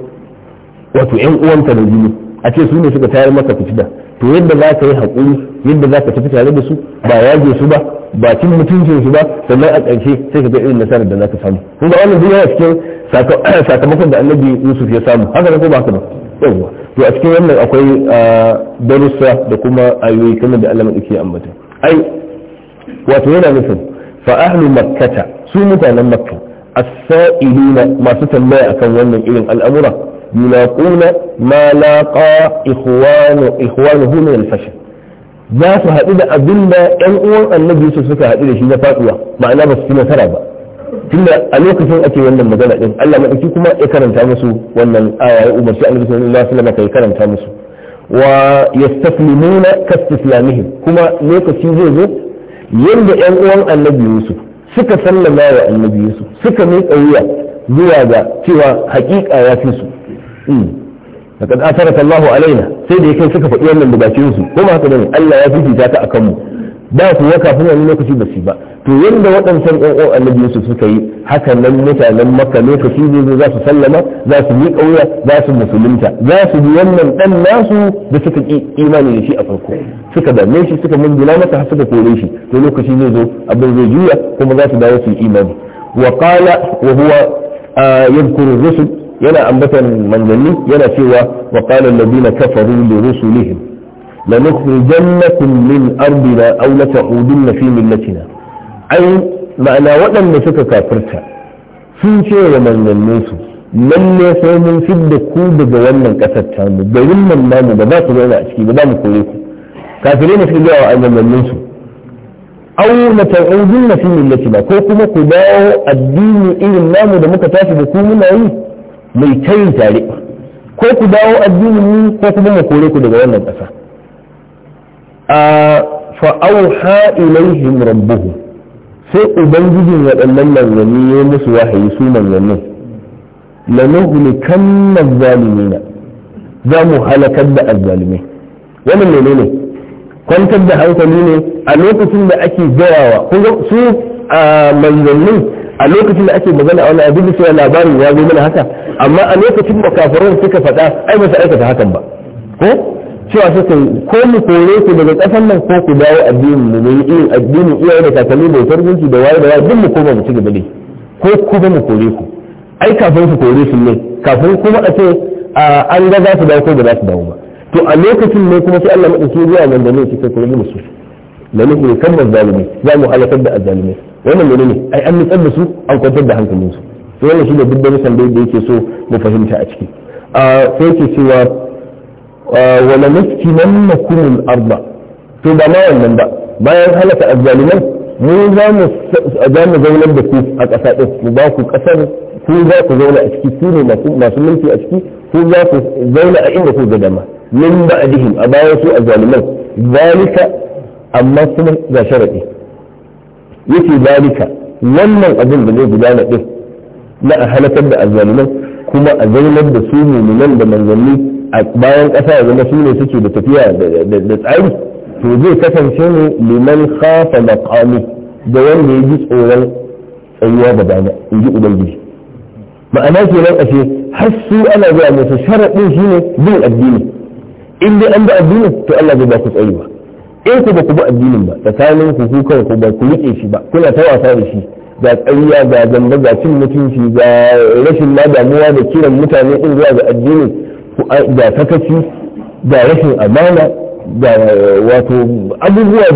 wato yan uwanka na jini a ce su ne suka tayar maka fitina to yadda za ka yi haƙuri yadda za ka tafi tare da su ba yaje su ba ba cin mutuncin su ba sannan a ƙarshe sai ka ga irin nasarar da za ka samu kun ga wannan duniya yana cikin sakamakon da annabi yusuf ya samu haka ko ba haka ba yawwa to a cikin wannan akwai ah, darussa da kuma ayoyi kamar da Allah madauki ambata ai wato yana nufin fa ahlu makkata su mutanen makka as-sa'iluna masu tambaya akan wannan irin al'amura yulaquna ma laqa ikhwanu ikhwanuhu min za su haɗu da abinda ‘yan uwan annabi su suka haɗu da shi na faɗuwa ma'ana ba su ci nasara ba tunda a ake wannan magana ɗin Allah maɗauki kuma ya karanta musu wannan aya ya umarci annabi sallallahu alaihi wasallam kai karanta musu wa yastaslimuna kastislamihim kuma lokaci zai zo yadda yan uwan annabi yusuf suka sallama wa annabi yusuf suka mai wuya zuwa ga cewa hakika ya fi su hmm. laqad asarar Allahu alaina sai da ya kai suka faɗi wannan da su kuma haka ne Allah ya fifita ta a kanmu? da kuwa kafin wani lokaci ba su ba to yadda waɗansan ƙwanƙwan annabi yusuf suka yi haka nan mutanen maka lokaci ne za su sallama za su yi ƙauya za su musulunta za su bi wannan ɗan nasu da suka ƙi imani da shi a farko suka dame shi suka mungula masa har suka kore shi to lokaci zai zo abin zai juya kuma za su dawo su yi imani wa qala wa huwa yadhkuru rusul yana ambatan manzanni yana cewa wa qala alladhina kafaru li rusulihim لنخرجنكم من أرضنا أو لتعودن في ملتنا أي معنى وأن نسك كافرتا sun ce wa manzanninsu lalle sai mun fidda ku daga wannan ƙasar mu. garin nan namu ba za ku zauna a ciki ba za mu kore ku kafirai ne suka gaya wa manzanninsu au na ta'udun na fi millatina ko kuma ku dawo addini irin namu da muka tashi da ku muna yi mai tayin tare ko ku dawo addinin mu ko kuma mu kore ku daga wannan ƙasa a fa'auha ilaihim rabbuhu sai ubangijin waɗannan manzanni ya musu wahayi su manzannin lanuhlikan azzalimina za mu halakar da azzalimai wannan menene kwantar da hankali ne a lokacin da ake kuma su a manzannin a lokacin da ake magana a wani abin da sai labarin ya zo mana haka amma a lokacin da kafirai suka faɗa ai ba su aikata hakan ba ko cewa suka yi ko mu kore ku daga ƙasar nan ko ku dawo addinin mu mai yi addinin iyaye da kakanni da tarbiyyar da waye da waye duk mu koma mu ci gaba ne ko kuma mu kore ku ai kafin su kore su ne kafin kuma a ce an ga za su dawo ko ba za su dawo ba to a lokacin ne kuma sai Allah madauki zuwa da ne cikin kore su da ne ne kan zalimi za mu halakar da azzalimai wannan ne ne ai an nutsar da su an kwantar da hankalinsu to wannan shi da duk da yake so mu fahimta a ciki sai ke cewa wala maskinan na arba to ba ma wannan ba bayan halaka azzaliman mu za mu zauna da ku a ƙasa ɗin mu ba ku ƙasar ku za ku zauna a ciki ku ne masu mulki a ciki ku za ku zauna a inda ku ga dama min ba a dihim a bayan su azzaliman zalika amma kuma ga sharaɗi yake zalika wannan abin da zai gudana ɗin na a halakar da azzaliman kuma a zaunar da su mummunan da manzanni bayan ƙasa ya zama su ne suke da tafiya da tsari to zai kasance ne liman khafa maqami da wanda ya ji tsoron tsayuwa da dama in ji ubangiji ma'ana kenan ashe har su ana zuwa musu sharaɗin shi ne bin addini in dai an bi addinin to Allah zai ba ku tsayi ba in ku ba ku bi addinin ba tsakanin ku ku ba ku rike shi ba kuna ta wasa da shi ga ƙarya ga zamba ga cin mutunci ga rashin ma damuwa da kiran mutane din zuwa ga addini da sakaci da rashin amana da eh, wato abubuwa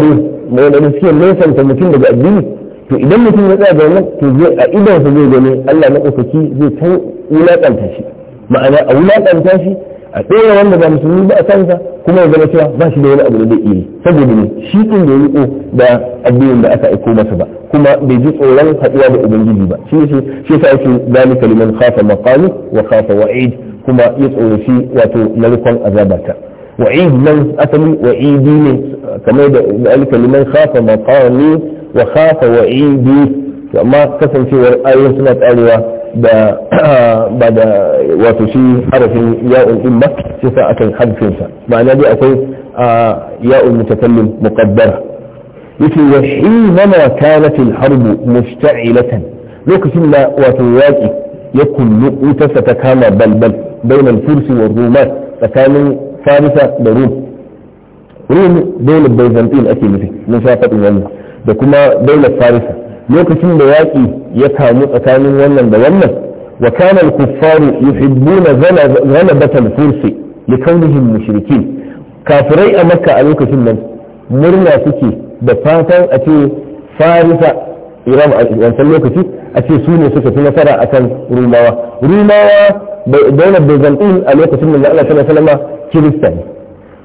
da wanda suke nesanta mutum daga addini to idan mutum ya tsaya wannan to zai a idan sa zai gani Allah na ɗaukaki zai ta wulaƙanta shi ma'ana a wulaƙanta shi a tsere wanda ba musulmi ba a kansa kuma ya zama cewa ba shi da wani abu da zai iya saboda ne shi din da ya riko da addinin da aka aiko masa ba kuma bai ji tsoron haɗuwa da ubangiji ba shi yasa shi yasa yake dalika liman khafa maqami wa khafa wa'id kuma ya tsoroshi wato narkon azabata wa'id nan asali wa'idi ne kamar da dalika liman khafa maqami wa khafa wa'idi amma kasancewar ayoyin suna tsarewa da ba da wato shi harafin ya'un din ba sai sa akan hadfin sa ma'ana dai akwai ya'un mutakallim muqaddara yace wa hina ma kanat al-harbu mushta'ilatan lokacin da wato yaki ya kullu wutarsa ta kama balbal bainal fursi wa rumat tsakanin farisa da rum rum dole byzantine ake nufi mun sha faɗin wannan da kuma daular farisa lokacin da yaƙi ya kamu tsakanin wannan da wannan wa kana al-kuffaru yuhibbuna ghalabata al-fursi li kaunihim mushrikin kafirai a makka a lokacin nan murna suke da fatan a ce farisa iran a wancan lokaci a ce su ne suka fi nasara akan rumawa rumawa daular byzantine a lokacin da Allah sallallahu alaihi kirista ne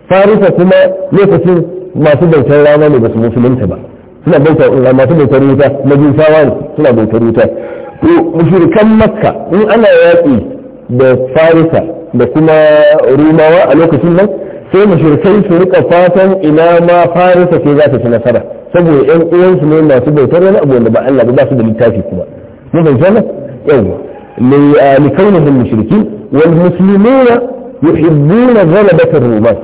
farisa kuma lokacin masu bautar rana ne ba su musulunta ba suna bauta masu bautar wuta majusawa ne suna bautar wuta to mushrikan makka in ana yaƙi da farisa da kuma rumawa a lokacin nan sai mushrikai su rika fatan ina ma farisa ce za ta ci nasara saboda yan uwansu ne masu bautar wani abu wanda ba Allah ba su da littafi kuma mun fahimta ne yawa likaunihim mushrikin wal muslimuna yuhibbuna ghalabatar ruman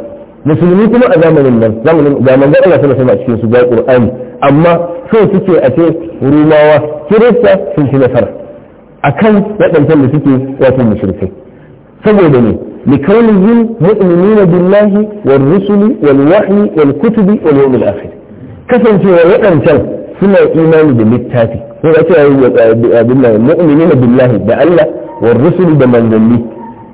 musulmi kuma a zamanin nan zamanin ga Allah sallallahu alaihi wasallam a cikin su ga Qur'ani amma sai suke a ce rumawa kirista sun ci nasara a kan waɗansan da suke wato mashirkai saboda ne likaunin mu'minina billahi wal rusuli wal wahyi wal kutubi wal yawmil kasancewa waɗancan suna imani da littafi ko ga cewa ya billahi mu'minina billahi da Allah wal rusuli da manzanni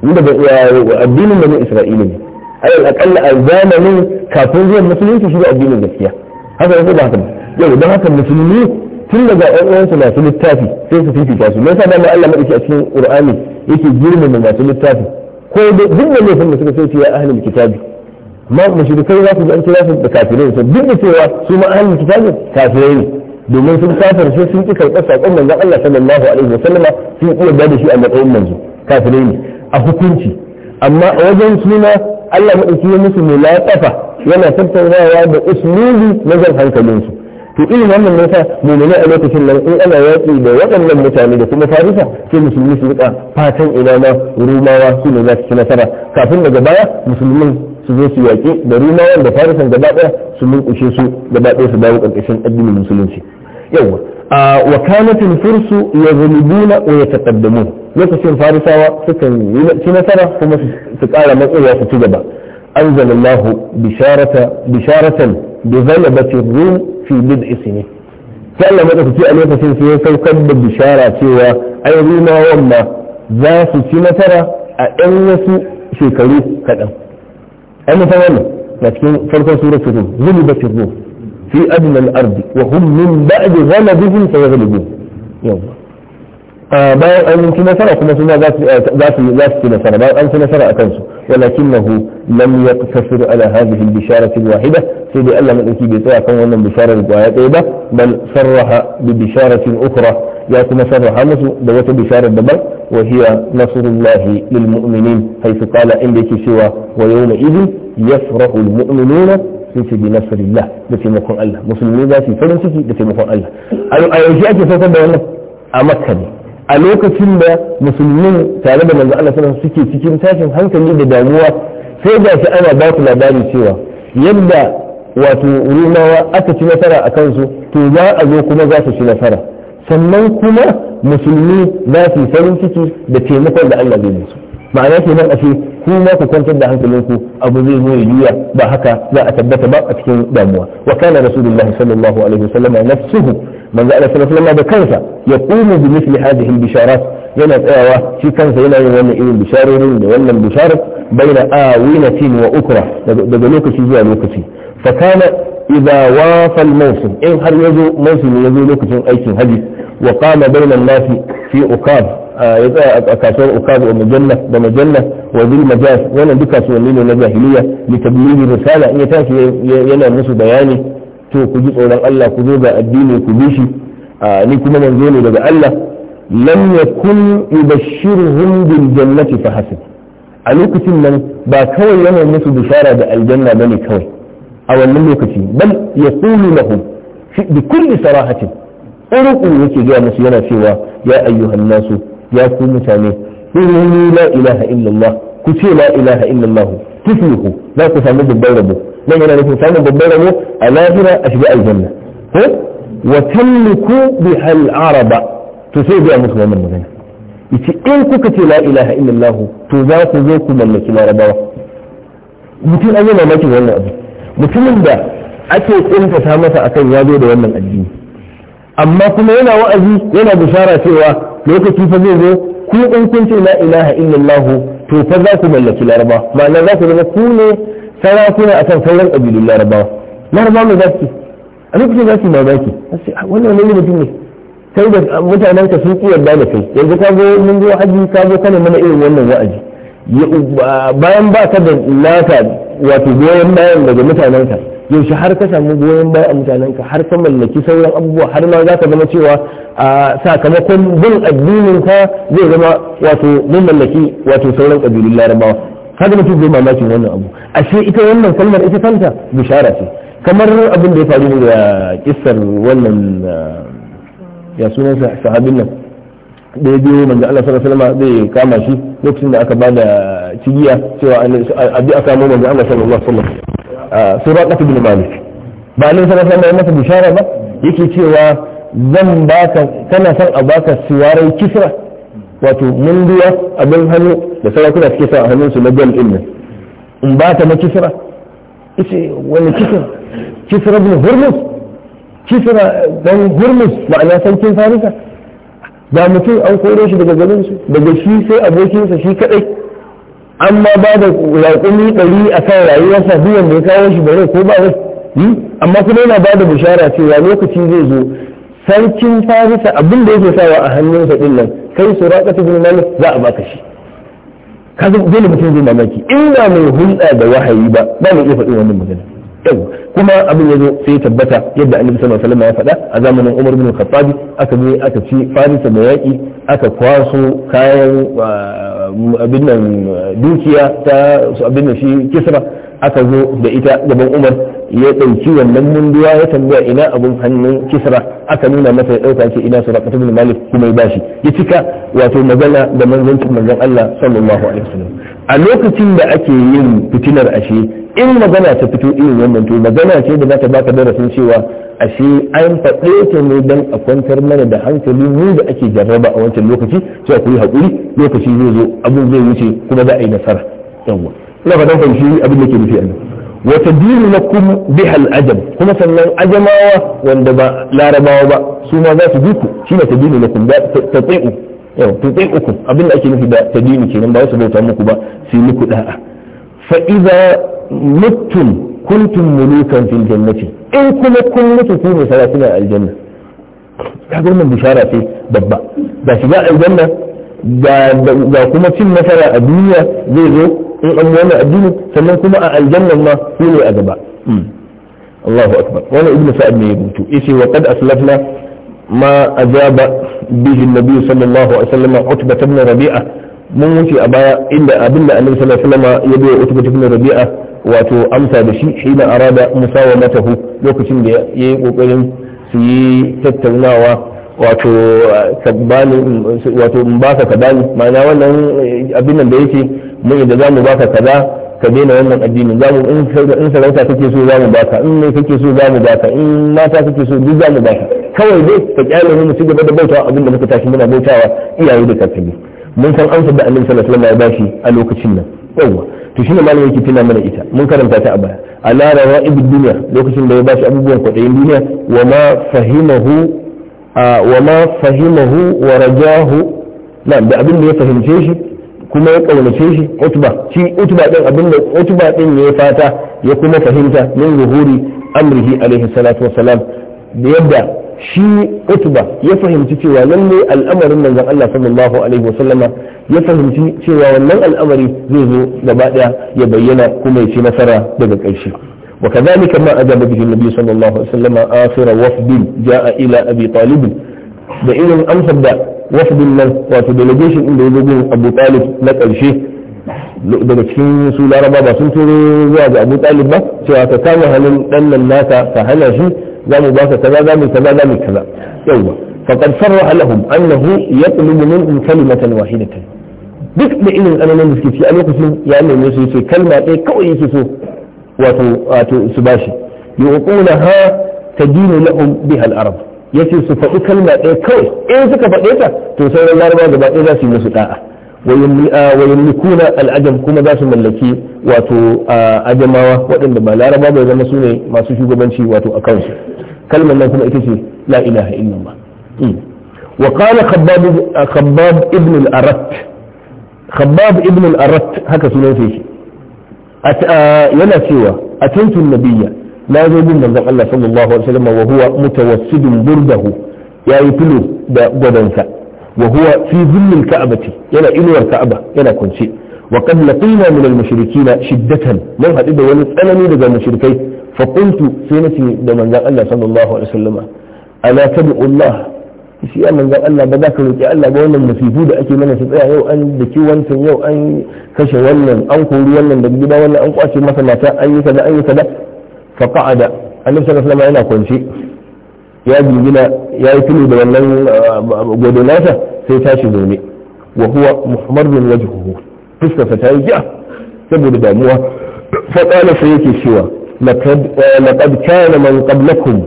inda ba iya addinin bani isra'ila ne a yau akalla a zamanin kafin zuwan musulunci shi addinin gaskiya haka yanzu ba haka yau don haka musulmi tun daga ƴan uwansu masu littafi sai su fifita su me yasa da Allah madaki a cikin Qur'ani yake girmama masu littafi ko duk da laifin da suka sai ya ahlul kitabi ma mushrikai za ku ga an kira su da kafirai to duk da cewa su ma ahlul kitabi kafirai ne domin sun sai sun ki karɓar saƙon manzon Allah sallallahu alaihi wasallama sun iya bada shi a matsayin manzo kafirai ne a hukunci amma a wajen suna Allah madaki ya musu mulatafa yana tattaunawa da usulubi na jan hankalinsu to irin wannan nasa mummuni a lokacin nan in ana yaƙi da waɗannan mutane da kuma farisa sai musulmi su rika fatan ina ma rumawa su ne za su ci nasara kafin daga baya musulmin su zo su yaƙi da rumawa da farisan gaba ɗaya su lunkushe su gaba ɗaya su dawo ƙarƙashin addinin musulunci yawa a wakanatin fursu ya zulubuna wa ya taƙaddamu lokacin farisawa sukan yi ci nasara kuma su ƙara matsayi su ci gaba أنزل الله بشارة بشارة بغلبة الروم في بدء سنين فألا ما تكتئ أن يتسين سنين سوكب بشارة سوى أي روما وما ذات سنة أئنس شكري كذا أنا فهمنا لكن فرق سورة الروم غلبة الروم في أدنى الأرض وهم من بعد غلبهم سيغلبون الله bayan an ci nasara kuma suna za su za su ci nasara bayan an ci nasara a kansu walakinahu lam yaqtasir ala hadhihi al-bisharati wahida sai dai Allah madauki bai tsaya kan wannan bisharar kwaya ɗaya ba bal sarraha bi bisharatin ukhra ya kuma sarraha musu da wata bisharar daban wa hiya nasrullahi lil mu'minin haythu qala inda yake cewa wa yawma idin yafrahu al sun ce bi nasrillah da taimakon Allah musulmi za su farin ciki da taimakon Allah a yaushe ake saukar da wannan a makka ne a lokacin da musulmin tare da manzo Allah sallallahu suke cikin tashin hankali da damuwa sai ga shi ana ba su labari cewa yadda wato rumawa aka ci nasara a kansu to za a zo kuma za su ci nasara sannan kuma musulmi za su yi farin ciki da taimakon da Allah zai musu ma'ana ke nan ashe ku ma ku kwantar da hankalinku abu zai zo yiwuwa ba haka za a tabbata ba a cikin damuwa wa kana rasulullah sallallahu alaihi wasallam nafsuhu من قال صلى الله عليه وسلم يقوم بمثل هذه البشارات ينا آوى في كنسة ينا يولن إيه البشارة يولن البشارة بين آوينة وأكرة دقلوك شيزوا الوكسي فكان إذا واف الموسم إن إيه، هل يزو موسم يزو لوكس أي شيء وقام بين الناس في أكاب إذا آه، أكاسر أكاب ومجنة بمجنة وذي المجاز ينا دكاس والليل لتبليغ رسالة إن إيه، تاسي ينا نسو بياني to ku ji tsoron Allah ku zo ga addini ku bi shi ni kuma manzo ne daga Allah lam yakun yubashshiruhum bil jannati fa hasib a lokacin nan ba kawai yana musu bishara da aljanna bane kawai a wannan lokaci bal yaqulu lahum bi kulli sarahatin uruku yake ga musu yana cewa ya ayyuhan nasu ya ku mutane inni la ilaha illallah ku ce la ilaha illallah tuflihu za ku samu babban rabo nan yana nufin samun babban rabo a lahira a shiga aljanna ko wa tamliku bi hal araba to sai ga musu wannan magana yace in kuka ce la ilaha illallah to za ku zo ku mallaki larabawa mutum an yi mamaki wannan abu mutumin da ake kuntata masa akan ya zo da wannan addini amma kuma yana wa'azi yana bishara cewa lokaci fa zai zo ku in kun ce la ilaha illallah to fa za ku mallaki laraba ma'ana za ku zama ku ne sarakuna akan sauran ƙabilun larabawa larabawa mai za su a lokacin za su mamaki wannan wani mutum ne kai da mutanen ka sun kiyar da kai yanzu ka zo mun zo haji ka zo kana mana irin wannan wa'azi bayan ba ka da naka wato goyon bayan daga mutanen ka yaushe har ka samu goyon bayan a mutanen ka har ka mallaki sauran abubuwa har ma za ka zama cewa a sakamakon bin addinin ka zai zama wato mun mallaki wato sauran kabilun larabawa kaga mutum zai mamakin wannan abu ashe ita wannan kalmar ita kanta bishara ce kamar abin da ya faru da kissar wannan ah, ya sunan sahabin nan da ya biyo manzo Allah sallallahu alaihi wasallam zai kama shi lokacin da aka bada cigiya cewa a bi a kamo manzo Allah sallallahu alaihi wasallam ah, suraqat bin malik ba ne sallallahu alaihi wasallam masa bishara ba yake cewa zan baka kana son a baka siwarai kisra wato munduwa abin hannu da sarakuna suke sa a hannunsu na gwal din nan in ba ta na kisra wani kisra kisra bin hurmus kisra dan hurmus ma'ana sarkin farisa da mutum an kore shi daga garin su daga shi sai abokinsa shi kadai an ba da raƙumi ɗari a kan rayuwarsa duk wanda ya kawo shi bare ko ba wai hmm? amma kuma yana ba da bishara cewa lokaci zai zo sarkin farisa abin da yake sawa a hannunsa ɗin nan kai su raƙa bin za a baka shi ka zai dole mutum zai mamaki in ba mai hulɗa da wahayi ba ba mai iya faɗin wannan magana yau kuma abin ya zo sai tabbata yadda annabi sallallahu alaihi wasallam ya faɗa a zamanin Umar bin Khattab aka je aka ci Farisa da aka kwaso kayan abin nan dukiya ta abin nan shi Kisra aka zo da ita gaban Umar ya ɗauki wannan munduwa ya tambaya ina abun hannun kisra aka nuna masa ya ɗauka ce ina sura katibul malik kuma ya bashi ya cika wato magana da manzancin manzon Allah sallallahu alaihi wasallam a lokacin da ake yin fitinar ashe in magana ta fito irin wannan to magana ce da za ta baka darasin cewa ashe an faɗe ta ne dan a kwantar mana da hankali mu da ake jarraba a wancan lokaci cewa ku yi haƙuri lokaci zai zo abun zai wuce kuma za a yi nasara yawwa ina fatan fahimci abin da ke nufi a nan وتدين لكم بها العجم كما سنن عجم وان لا ربا وبا سوما ذا سبوكو شما تدين لكم تطيئوا تطيئكم أبن الله كنا في تدين كنا بأو سبو تعمكوا سيلكوا لها فإذا متم كنتم ملوكا في الجنة إن كنا كن متم في الجنة يقول من بشارة في ببا بس جاء الجنة ذا كما تم مثلا الدنيا ذي ذو in an wani addini sannan kuma a aljannan ma su ne a gaba hmm. Allahu akbar wannan ibnu sa'ad ne ya rubuto yace wa qad aslafna ma ajaba bihi an-nabi sallallahu alaihi wasallam utba ibn rabi'a mun wuce a baya inda abin da annabi sallallahu alaihi wasallam ya bai utba ibn rabi'a wato amsa da shi shi hina arada musawamatahu lokacin da ya yi kokarin su yi tattaunawa wato uh, wato in ba ka kadani ma'ana wannan eh, abin nan da yake mu yadda za mu baka kaza ka daina wannan addinin za mu in sarauta kake so za mu baka in kake so za mu baka in mata kake so duk za mu baka kawai dai ka kyale mu ci gaba da bautawa abin da muka tashi muna bautawa iyaye da kakanni mun san amsar da annabi sallallahu alaihi wasallam ya bashi a lokacin nan yawa to shine malamin yake tuna mana ita mun karanta ta a baya ala rawa'ib dunya lokacin da ya bashi abubuwan kwadayin duniya wa ma fahimahu wa ma fahimahu wa rajahu da abin da ya fahimce shi kuma ya kaunace shi utba shi utba din utba din ya fata ya kuma fahimta min zuhuri amrihi alaihi salatu wassalam da yadda shi utba ya fahimci cewa ne al'amarin manzon Allah sallallahu alaihi wasallama ya fahimci cewa wannan al'amari zai zo gaba daya ya bayyana kuma ya ci nasara daga ƙarshe وكذلك ما أجاب به النبي صلى الله عليه وسلم آخر وفد جاء إلى أبي طالب da irin amsar da wafdin nan wato delegation inda ya zogon abu talib na ƙarshe daga cikin su laraba ba sun turo zuwa ga abu talib ba cewa ka kama hannun ɗan nan naka ka hana shi za mu ba ka kaza za mu kaza za mu kaza yauwa faqad sarraha lahum annahu yatlubu minhum kalimatan wahidatan duk da irin tsananin da suke ci a lokacin ya nemi su yace kalma ɗaya kawai yake so wato wato su bashi yuquna ha tadinu lahum biha al-arab ya ce su faɗi kalma ɗaya kawai in suka faɗe ta to sauran larabawa gaba ɗaya za su yi musu ɗa'a wayan yamlikuna al'ajam kuma za su mallaki wato ajamawa waɗanda ba laraba bai zama su ne masu shugabanci wato a kansu kalmar nan kuma ita ce la ilaha illallah hmm. wa qala khabbab ibn al-arat khabbab ibn al-arat haka sunan sai shi yana cewa atantun nabiyya na zo bin manzon Allah sallallahu alaihi wasallam wa huwa mutawassidun burdahu yayi filo da gwadonsa wa huwa fi zillil ka'abati yana inuwar ka'aba yana kunce wa qad laqina min al mushrikina shiddatan mun hadu da wani tsanani daga mushrikai fa qultu sai nace da manzon Allah sallallahu alaihi wasallam ala tad'u Allah shi ya manzon Allah ba za ka roki Allah ba wannan musibu da ake mana su tsaya yau an daki wancan yau an kashe wannan an kori wannan da gida wannan an kwace masa mata an yi kaza an yi kaza fa qa'ada annabi sallallahu alaihi yana kwance ya jingina ya yi tuni da wannan ah, godo nasa sai tashi zaune wa huwa muhammadun wajhuhu fuskar ta yi ja saboda damuwa fa qala sai yake cewa laqad eh, kana man qablakum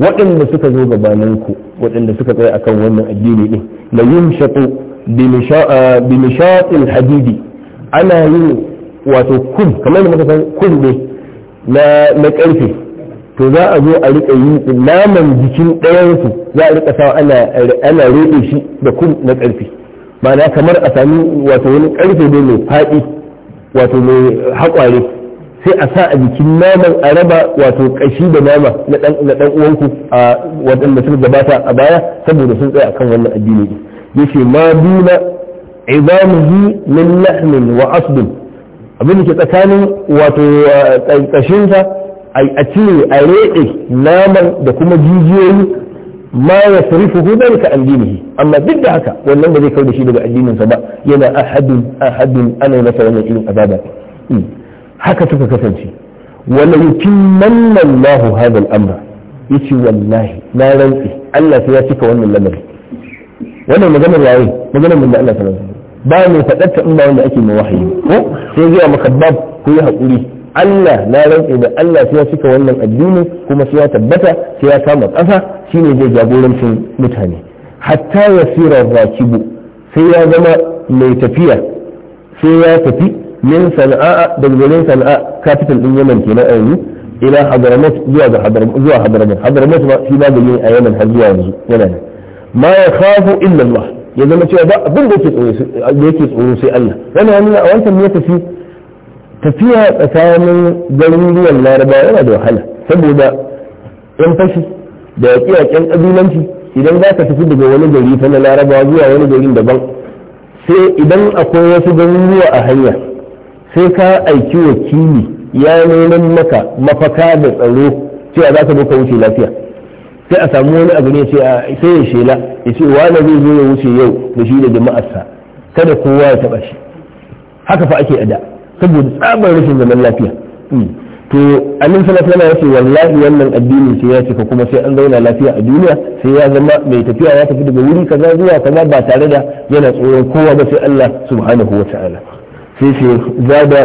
waɗanda suka zo ku. waɗanda suka tsaya akan wannan addini din la yumshatu ah, bi nishatil hadidi ana yin wato kun kamar da muka san kun ne na karfe to za a zo a rika yi naman jikin ɗayansu za a rika sawa ana roɗe shi da kun na karfe ma'ana kamar a sami wato wani karfe ne mai faɗi wato mai haƙware sai a sa a jikin naman a raba wato ƙashi da nama na ɗan uwanku a waɗanda suka gabata a baya saboda sun tsaya akan wannan addini yace ma duna izamuhu min lahmin wa asdun abin da ke tsakanin wato uh, ƙarƙashinsa a cire a reɗe naman da kuma jijiyoyi ma ya sarifu hu dalika an dinihi amma duk da haka wannan ba zai kau da shi daga addininsa ba yana ahadun ahadun ana yi masa wannan irin azaba hmm. haka suka kasance wala yutimmanna Allahu hadha al-amra yace wallahi na rantsi Allah sai ya cika wannan lamarin wannan maganar yayi maganar mun da Allah sallallahu alaihi ba mai faɗarta in ba wanda ake mai wahayi ko sai zuwa maka bab ku yi haƙuri Allah na rantse da Allah sai ya cika wannan addini kuma sai ya tabbata sai ya kama ƙasa shine zai jagorancin mutane hatta ya sira rakibu sai ya zama mai tafiya sai ya tafi min sana'a daga garin sana'a capital din Yemen kenan a yanzu ila Hadramaut zuwa ga zuwa Hadramaut Hadramaut ma shi ba gari a yaman har zuwa yanzu yana nan ma ya khafu illa Allah ya zama cewa ba abin da yake tsoro sai Allah yana wani a wancan ne tafi tafiya tsakanin ruwan laraba yana da wahala saboda yan fashi da yaƙi yaƙen ƙabilanci idan za ka tafi daga wani gari ta na laraba zuwa wani garin daban sai idan akwai wasu ruwa a hanya sai ka aiki wakili ya nemi maka mafaka da tsaro cewa za ka zo wuce lafiya sai a samu wani abu ne sai ya shela ya ce wani zai zo ya wuce yau da shi da jama'arsa kada kowa ya taba shi haka fa ake ada saboda tsabar rashin zaman lafiya hmm. to annabi yana alaihi wasallam ya wallahi wannan addini sai ya cika kuma sai an zauna lafiya a duniya sai ya zama mai tafiya ya tafi daga wuri kaza zuwa kaza ba tare da yana tsoron kowa ba sai Allah subhanahu wa ta'ala sai sai zada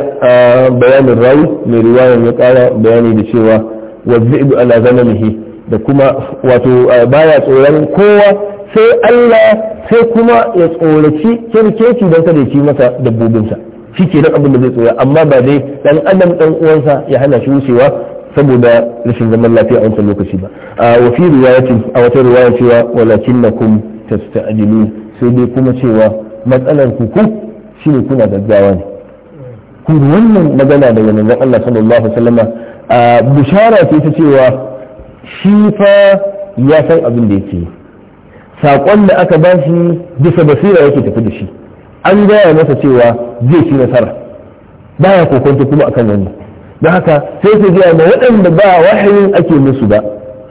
bayanin rawi mai riwayar ya kara bayani da cewa wa ala zamanihi da kuma wato baya tsoron kowa sai Allah sai kuma ya tsoraci kirkeci don kada ci masa dabbobinsa shi ke abin da zai tsora amma ba dai dan adam dan uwansa ya hana shi wucewa saboda rashin zaman lafiya a wancan lokaci ba a wafi riwayatin a wata riwaya cewa walakinnakum tasta'jilu sai dai kuma cewa matsalar ku ku shine kuna gaggawa ne kun wannan magana da manzon Allah sallallahu alaihi wasallama bishara ce ta cewa shi fa ya san abin da yake saƙon da aka ba shi bisa basira yake tafi da shi an gaya masa cewa zai ci nasara baya kokonta kuma akan wani Da haka sai ku gaya ma waɗanda ba wahayin ake musu ba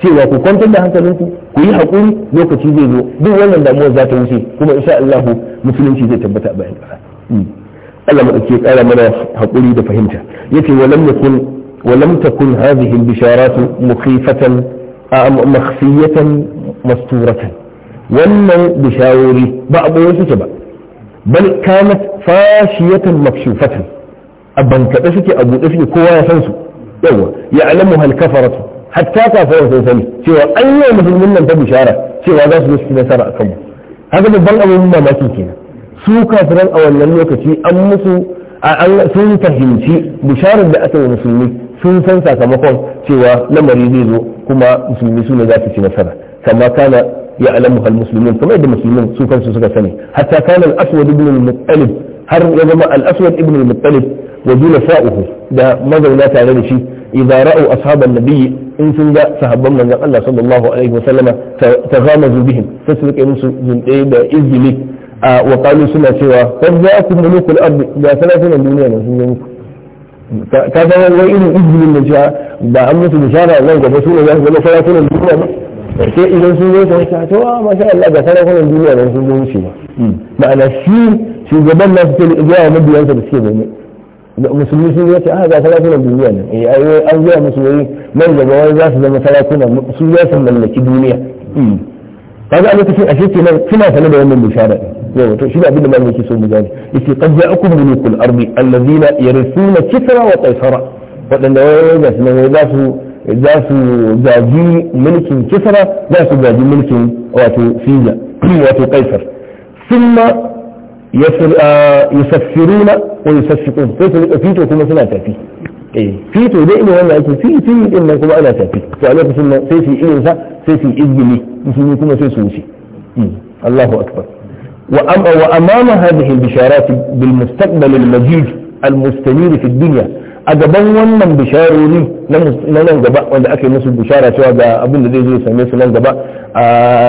cewa ku kwantar da hankalinku ku yi haƙuri lokaci zai zo duk wannan damuwar za ta wuce kuma insha Allah musulunci zai tabbata a bayan ƙasa hmm. Allah maɗauki ya ƙara mana haƙuri da fahimta yace walam yakun ولم تكن هذه البشارات مخيفة آه، مخفية مستورة ومن بشاوري بعض وسكبا بل كانت فاشية مكشوفة أبن كتسك أبو إفن كوا يسنس يعلمها الكفرة حتى كافر سنسلي سوى أي مثل في المنن تبشارة سوى ناس نسكنا سرع كم هذا بل أبو مما ما تنكينا سوى كافران أولا يكتشي أمسوا أن آه، سنتهم شيء بشارة بأسوا مسلمين sun san sakamakon cewa lamari zai zo kuma musulmi su ne za su ci nasara kama kana ya alamu hal musulmin kamar yadda musulmin su kansu suka sani hatta kana al-aswad ibn al-muttalib har ya zama al-aswad ibn al-muttalib wa sa'uhu da mazauna tare da shi idza ra'u ashaban nabiyyi in sun ga sahabban manzon Allah sallallahu alaihi wa sallama taghamazu bihim sai su rike musu zunde da izini wa qalu suna cewa qad ja'akum mulukul ardi da salatun duniya ne sun yi muku ka ga wannan irin izinin da cewa ba an musu bishara nan gaba su ne za su zama sarakunan duniya ba sai idan sun zo ta ta to a ah, masha Allah ga sarakunan duniya nan sun zo wuce ba hmm. ma'ana shi shugaban na su ke zuwa mabiyansa da suke zaune musulmi sun zo ta a ah, ga sarakunan duniya nan eh ai an zuwa musu wai nan gaba wai za su zama sarakunan su za su mallaki duniya hmm. kaga a lokacin ashe kenan suna sanar da wannan bishara yau to shi ne abin da malam yake so mu gane yace qad ja'akum mulukul ardi allazina yarisuna kisra wa qaisara wadanda wai ga su nan za su za su gaji mulkin kisra za su gaji mulkin wato fiza wato qaisar thumma yusaffiruna wa yusaffiqun sai su fito kuma suna tafi eh fito dai ne wannan ake fi fi din nan kuma ana tafi to a lokacin nan sai su yi irin sa sai su yi izgili musulmi kuma sai su wuce Allahu akbar وأمام هذه البشارات بالمستقبل المجيد المستنير في الدنيا أجبان ونن بشاروني لن جباء ولا أكي نسو بشارة شوى دا أبو الذي su سميسو لن جباء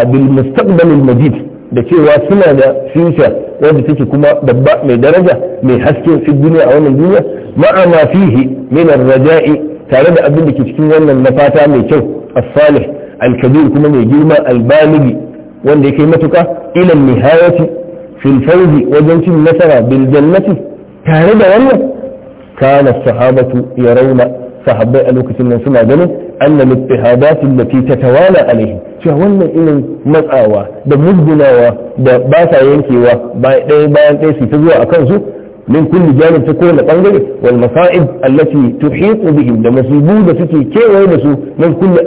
بالمستقبل المجيد da cewa suna da future wanda take kuma babba mai daraja mai haske fi a wannan duniya ma'ana fihi min raja'i tare da abin ke cikin wannan na fata mai kyau as-salih al-kabir kuma mai girma al-baligi wanda yake matuka ilan nihayati fil fawzi wajen cin nasara bil jannati tare da wannan kana sahabatu yarawna sahabbai a lokacin nan suna ganin anna ittihadat allati tatawala alaihi cewa wannan irin matsawa da muzgunawa da ba sa yankewa dai bayan dai su ta zuwa akan su من كل جانب تكون قنجر والمصائب التي تحيط da لما سيبود سكي كي ويبسو من min kulli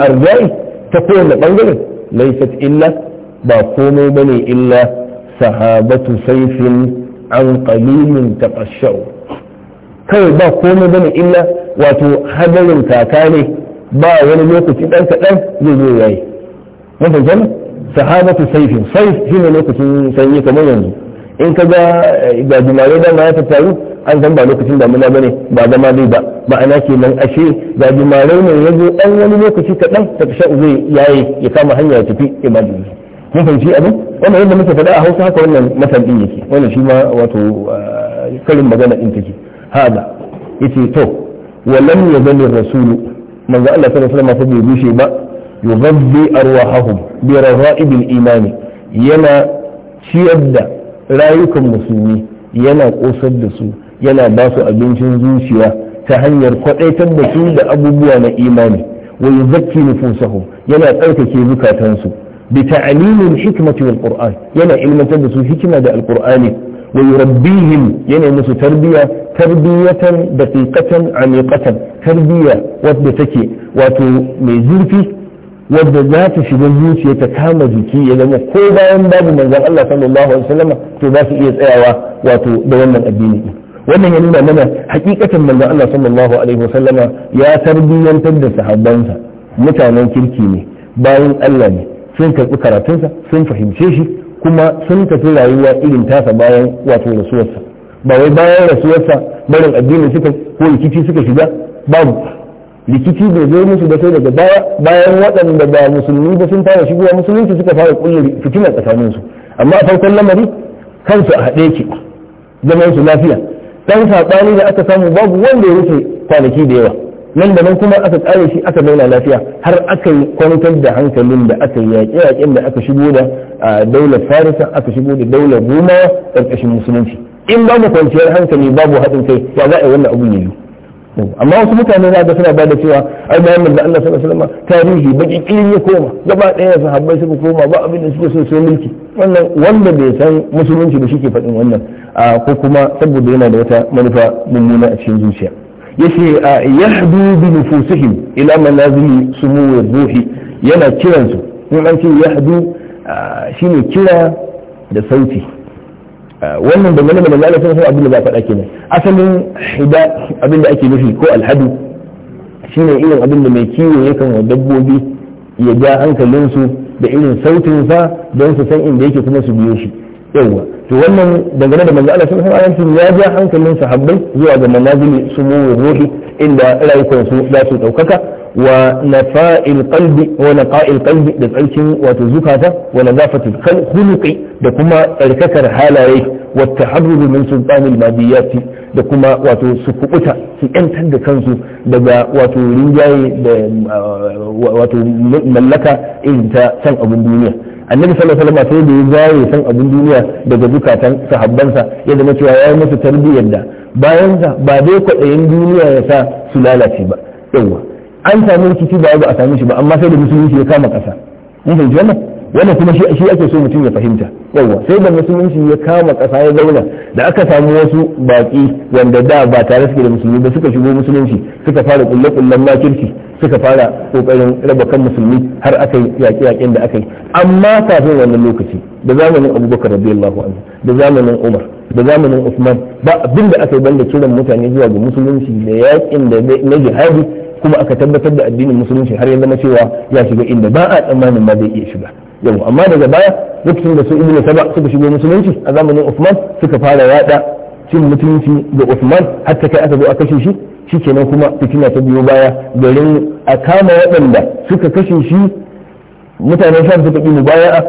arja'i ta kowane bangare laysat illa ba komai bane illa sahabatu sayfin an qalilin kawai ba komai bane illa wato hadarin kaka ne ba wani lokaci dan kaɗan zai zo yayi mun fahimta sahabatu sayfin shi shine lokacin sanyi kamar yanzu in ka ga eh, gajimare da ta tattaru an san ba lokacin damuna bane ba zama zai ba ma'ana kenan ashe gajimare ne ya zo dan wani lokaci kaɗan ta kashe zai yaye ya kama hanya ya tafi ya bada mun fahimci abin wannan yadda muka faɗa a hausa haka wannan matan din yake wannan shi ma wato eh, karin magana din take hada yace to walam yazali rasulu manzo Allah sallallahu alaihi wasallam bai bushe ba yughaddi arwahahum bi raghaibil imani yana ciyar da rayukan musulmi yana kosar da su yana ba su abincin zuciya ta hanyar kwadaitar da su da abubuwa na imani wa yuzakki nufusahu yana tsarkake zukatansu bi ta'limil hikmati wal qur'an yana ilmantar da su hikima da alqur'ani wa yurabbihim yana musu tarbiya tarbiyatan daqiqatan amiqatan tarbiya wadda take wato mai zurfi wadda za ta shiga zuciya ta kama jiki ya zama ko bayan babu manzon Allah sallallahu alaihi wasallam to za su iya tsayawa wato da wannan addini wannan ya nuna mana hakikatan manzon Allah sallallahu alaihi wasallama ya tarbiyyantar da sahabbansa mutanen kirki ne bayan Allah ne sun karɓi karatunsa sun fahimce shi kuma sun tafi rayuwa irin tasa bayan wato rasuwarsa ba wai bayan rasuwarsa barin addini suka ko rikici suka shiga babu rikici bai zo musu da sai daga baya bayan waɗanda ba musulmi ba sun fara shigowa musulunci suka fara kulle fitina tsakanin su amma a farkon lamari kansu a haɗe ki zaman su lafiya dan saɓani da aka samu babu wanda ya rufe kwanaki da yawa nan da nan kuma aka tsare shi aka zauna lafiya har aka yi kwantar da hankalin da aka yi yaƙe-yaƙen da aka shigo da daular farisa aka shigo da daular rumawa ƙarƙashin musulunci in babu kwanciyar hankali babu haɗin kai ya za a yi wannan abun ya amma wasu mutane za ga suna ba da cewa ai bayan da Allah sallallahu alaihi wasallam tarihi baki ya koma gaba ɗaya sahabbai suka koma ba abin da suka so sai mulki wannan wanda bai san musulunci ba shike faɗin wannan ko kuma saboda yana da wata manufa mummuna a cikin zuciya yace yahdu bi nufusihim ila manazili sumu ruhi yana kiransu in an ce yahdu shine kira da sauti wannan dangane da manzo Allah sai abin da za faɗa kenan asalin hida abin da ake nufi ko alhadu shine irin abin da mai kiwo yakan wa dabbobi ya ja hankalinsu da irin sautin sa don su san inda yake kuma su biyo shi yawa to wannan dangane da manzo Allah sallallahu alaihi wasallam ya ja hankalin sahabbai zuwa ga manazili sumu ruhi inda rayukan su za su daukaka wa nafa'il qalbi wa naqa'il qalbi da tsarkin wato zukata wa nazafatul khuluqi da kuma tsarkakar halaye wa taharruzu min sultanil da kuma wato su kubuta su yantar da kansu daga wato rinjaye da uh, wato mallaka irin ta san abin duniya annabi sallallahu alaihi wasallam sai da ya jaye san abin duniya daga zukatan sahabbansa ya zama cewa ya yi musu tarbiyyar da bayan ba dai kwaɗayin duniya ya sa su lalace ba yawa an samu rikici ba a same shi ba amma sai da musulunci ya kama ƙasa mun fahimci wannan wannan kuma shi ake so mutum ya fahimta yawwa sai da musulunci ya kama ƙasa ya zauna da aka samu wasu baƙi wanda da ba tare suke da musulmi ba suka shigo musulunci suka fara kulle kullen makirci suka fara kokarin raba kan musulmi har aka yi yaƙe yaƙen da aka yi amma kafin wannan lokaci da zamanin abubakar radiyallahu anhu da zamanin umar da zamanin usman ba abin da aka yi banda kiran mutane zuwa ga musulunci da yaƙin da na jihadi kuma aka tabbatar da addinin musulunci har ya zama cewa ya shiga inda ba a tsammanin ma zai iya shiga yau amma daga baya lokacin da su ibnu saba suka shigo musulunci a zamanin Uthman suka fara yada cin mutunci ga Uthman har ta kai aka zo a kashe shi shikenan kuma fitina ta biyo baya garin a kama waɗanda suka kashe shi mutanen sham suka ƙi mubaya'a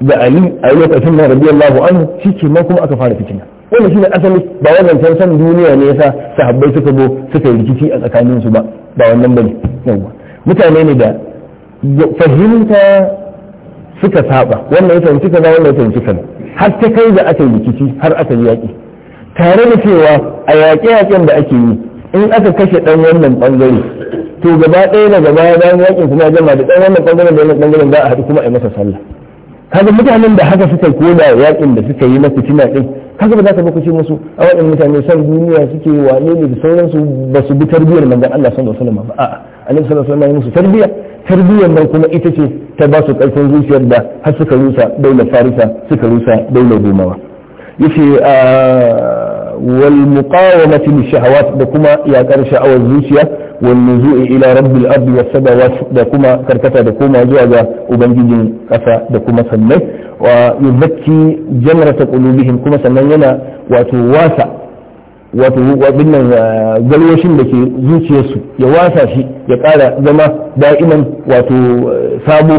da Ali a lokacin na radiyallahu anhu shikenan kuma aka fara fitina shi ne asali ba wannan can san duniya ne yasa sahabbai suka zo suka yi rikici a tsakanin su ba ba wannan bane yawa mutane ne da fahimta suka saba wannan ya fahimci kaza wannan ya fahimci kaza har ta kai da aka yi rikici har aka yi yaƙi tare da cewa a yaƙe-yaƙen da ake yi in aka kashe ɗan wannan ɓangare to gaba ɗaya na gaba bayan yaƙin kuma ya da ɗan wannan ɓangaren da wannan ɓangaren za a haɗu kuma a yi masa sallah kaga mutanen da haka suka koda yakin da suka yi na fitina din kaga ba za ka lokaci musu a wadannan mutane san duniya suke wane ne da sauransu ba su bi tarbiyyar manzon Allah sallallahu alaihi wasallam ba a'a annabi sallallahu alaihi wasallam ya musu tarbiyya tarbiyyar nan kuma ita ce ta ba su karfin zuciyar da har suka rusa daular farisa suka rusa daular gomawa yace ah, wal muqawamati li shahawat da kuma yakar sha'awar zuciya wal nuzu'i ila rabbil ardi was samawat da kuma karkata da koma zuwa ga ubangijin kasa da kuma sannai wa yuzakki jamrata qulubihim kuma sannan yana wato wasa wato waɗannan eh, galwashin da ke zuciyarsu ya wasa shi ya ƙara zama wato eh, sabo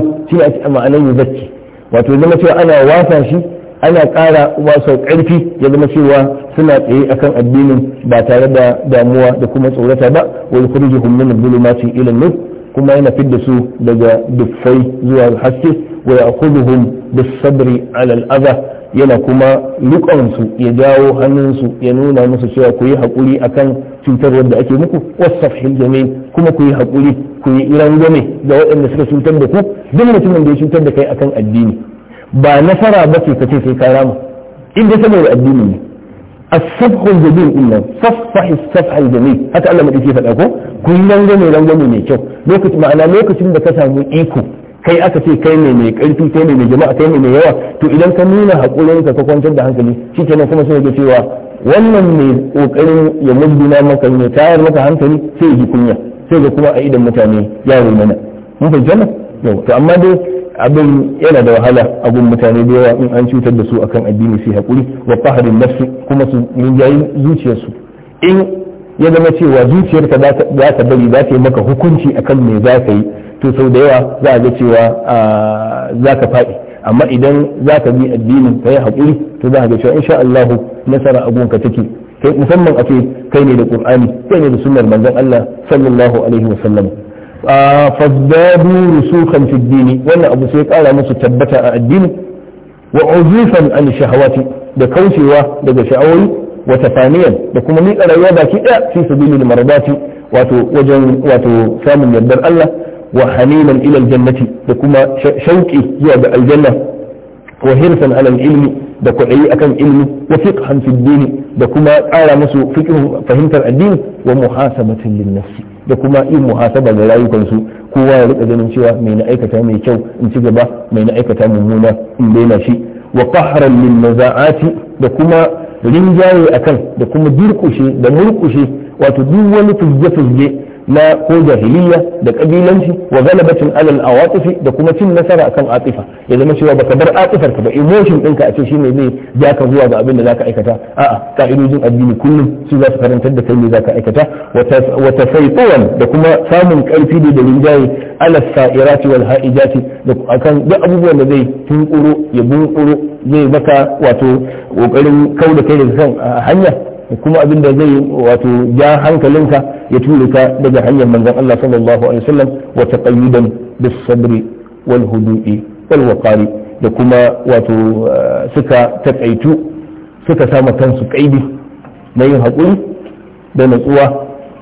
wato zama cewa ana wasa shi ana ƙara wasu ƙarfi ya zama cewa suna tsaye akan addinin ba tare da damuwa da kuma tsorata ba wani kurji hummin zulumati ilin nur kuma yana fidda su daga duffai zuwa haske wa ya kuduhum bis sabri al'aza yana kuma riƙonsu ya jawo hannunsu ya nuna musu cewa ku yi haƙuri akan cutarwar da ake muku wasafhin jami kuma ku yi haƙuri ku yi iran game ga waɗanda suka cutar da ku duk mutumin da ya cutar da kai akan addini ba nasara ba ce ka ce sai ka rama in dai saboda addini ne as-sabhu al-jamil inna safah safah al haka Allah madaki ya faɗa ko kun langame langame mai kyau lokacin ma'ana lokacin da ka samu iko kai aka ce kai ne mai karfi kai ne mai jama'a kai ne mai yawa to idan ka nuna hakurin ka ka kwantar da hankali shikenan kuma sai ga cewa wannan mai kokarin ya na maka ne tayar maka hankali sai ya ji kunya sai ga kuma a idan mutane ya rumana mun fahimta yau to amma dai abin yana da wahala abin mutane da yawa in an cutar da su akan addini su hakuri wa faharin nafsi kuma su rinjayi zuciyarsu in ya zama cewa zuciyarka za ta bari za ta yi maka hukunci akan me za ka yi to sau da yawa za a ga cewa za ka faɗi amma idan za ka bi addinin ka yi haƙuri to za a ga cewa insha Allah nasara ka take kai musamman a ce kai ne da Qur'ani kai ne da sunnar manzon Allah sallallahu alaihi wa sallam fazdadu rusukan fi wannan abu sai kara musu tabbata a addini wa uzufan an shahawati da kaucewa daga sha'awoyi watafaniyan tafaniyan da kuma miƙa rayuwa baki ɗaya fi sabilil mardati wato wajen wato samun yardar Allah wa haninan ila aljannati da kuma shauƙi zuwa ga aljanna wa hirsan ala ilmi da kwaɗayi akan ilmi wa fiqhan da kuma ƙara musu fiqhin fahimtar addini wa muhasabatin lin da kuma yin muhasaba ga rayukansu kowa ya rika ganin cewa mai na aikata mai kyau in ci gaba mai na aikata mummuna in daina shi wa qahran lil maza'ati da kuma rinjaye akan da kuma durkushe da murkushe wato duk wani fuzge fuzge na ko jahiliya da kabilanci wa galabatin alal awatifi da kuma cin nasara akan atifa ya zama cewa baka bar atifar ka ba emotion ɗinka a ce shine zai ja ka zuwa ga abin da zaka aikata a'a ka'idojin addini kullum su za su karantar da kai ne zaka aikata wa tafaytuwan da kuma samun karfi da rinjaye ala sa'irati wal ha'ijati da akan duk abubuwan da zai tunkuro ya bunkuro zai maka wato kokarin kauda kai da kan hanya kuma abin da zai wato ja hankalinka ya ture ka daga hanyar manzon Allah sallallahu alaihi wasallam wa taqayyudan bis sabri wal hududi wal waqari da kuma wato eh, suka taƙaitu suka sama kansu kaidi na yin haƙuri da natsuwa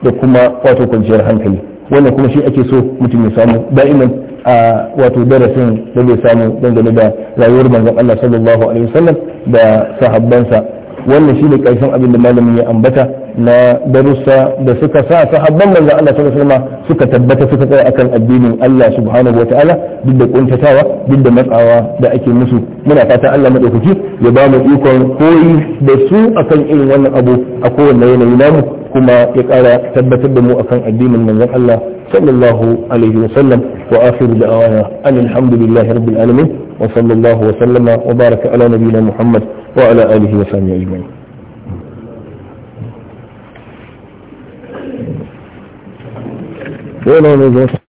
da kuma wato kwanciyar hankali wannan kuma shi ake so mutum ya samu da'iman a wato darasin da zai samu dangane da rayuwar manzon Allah sallallahu alaihi wasallam da sahabbansa wannan shine karshen abin da malamin ya ambata na darussa da suka sa sahabban manzon Allah sallallahu alaihi wasallam suka tabbata suka tsaya akan addinin Allah subhanahu wataala duk da kuntatawa duk da matsawa da ake musu muna fata Allah madaukaki ya ba mu ikon koyi da su akan irin wannan abu a kowanne yanayi namu kuma ya kara tabbatar da mu akan addinin manzon Allah sallallahu alaihi wasallam wa akhiru da'awana alhamdulillahi rabbil alamin وصلى الله وسلم وبارك على نبينا محمد وعلى آله وصحبه أجمعين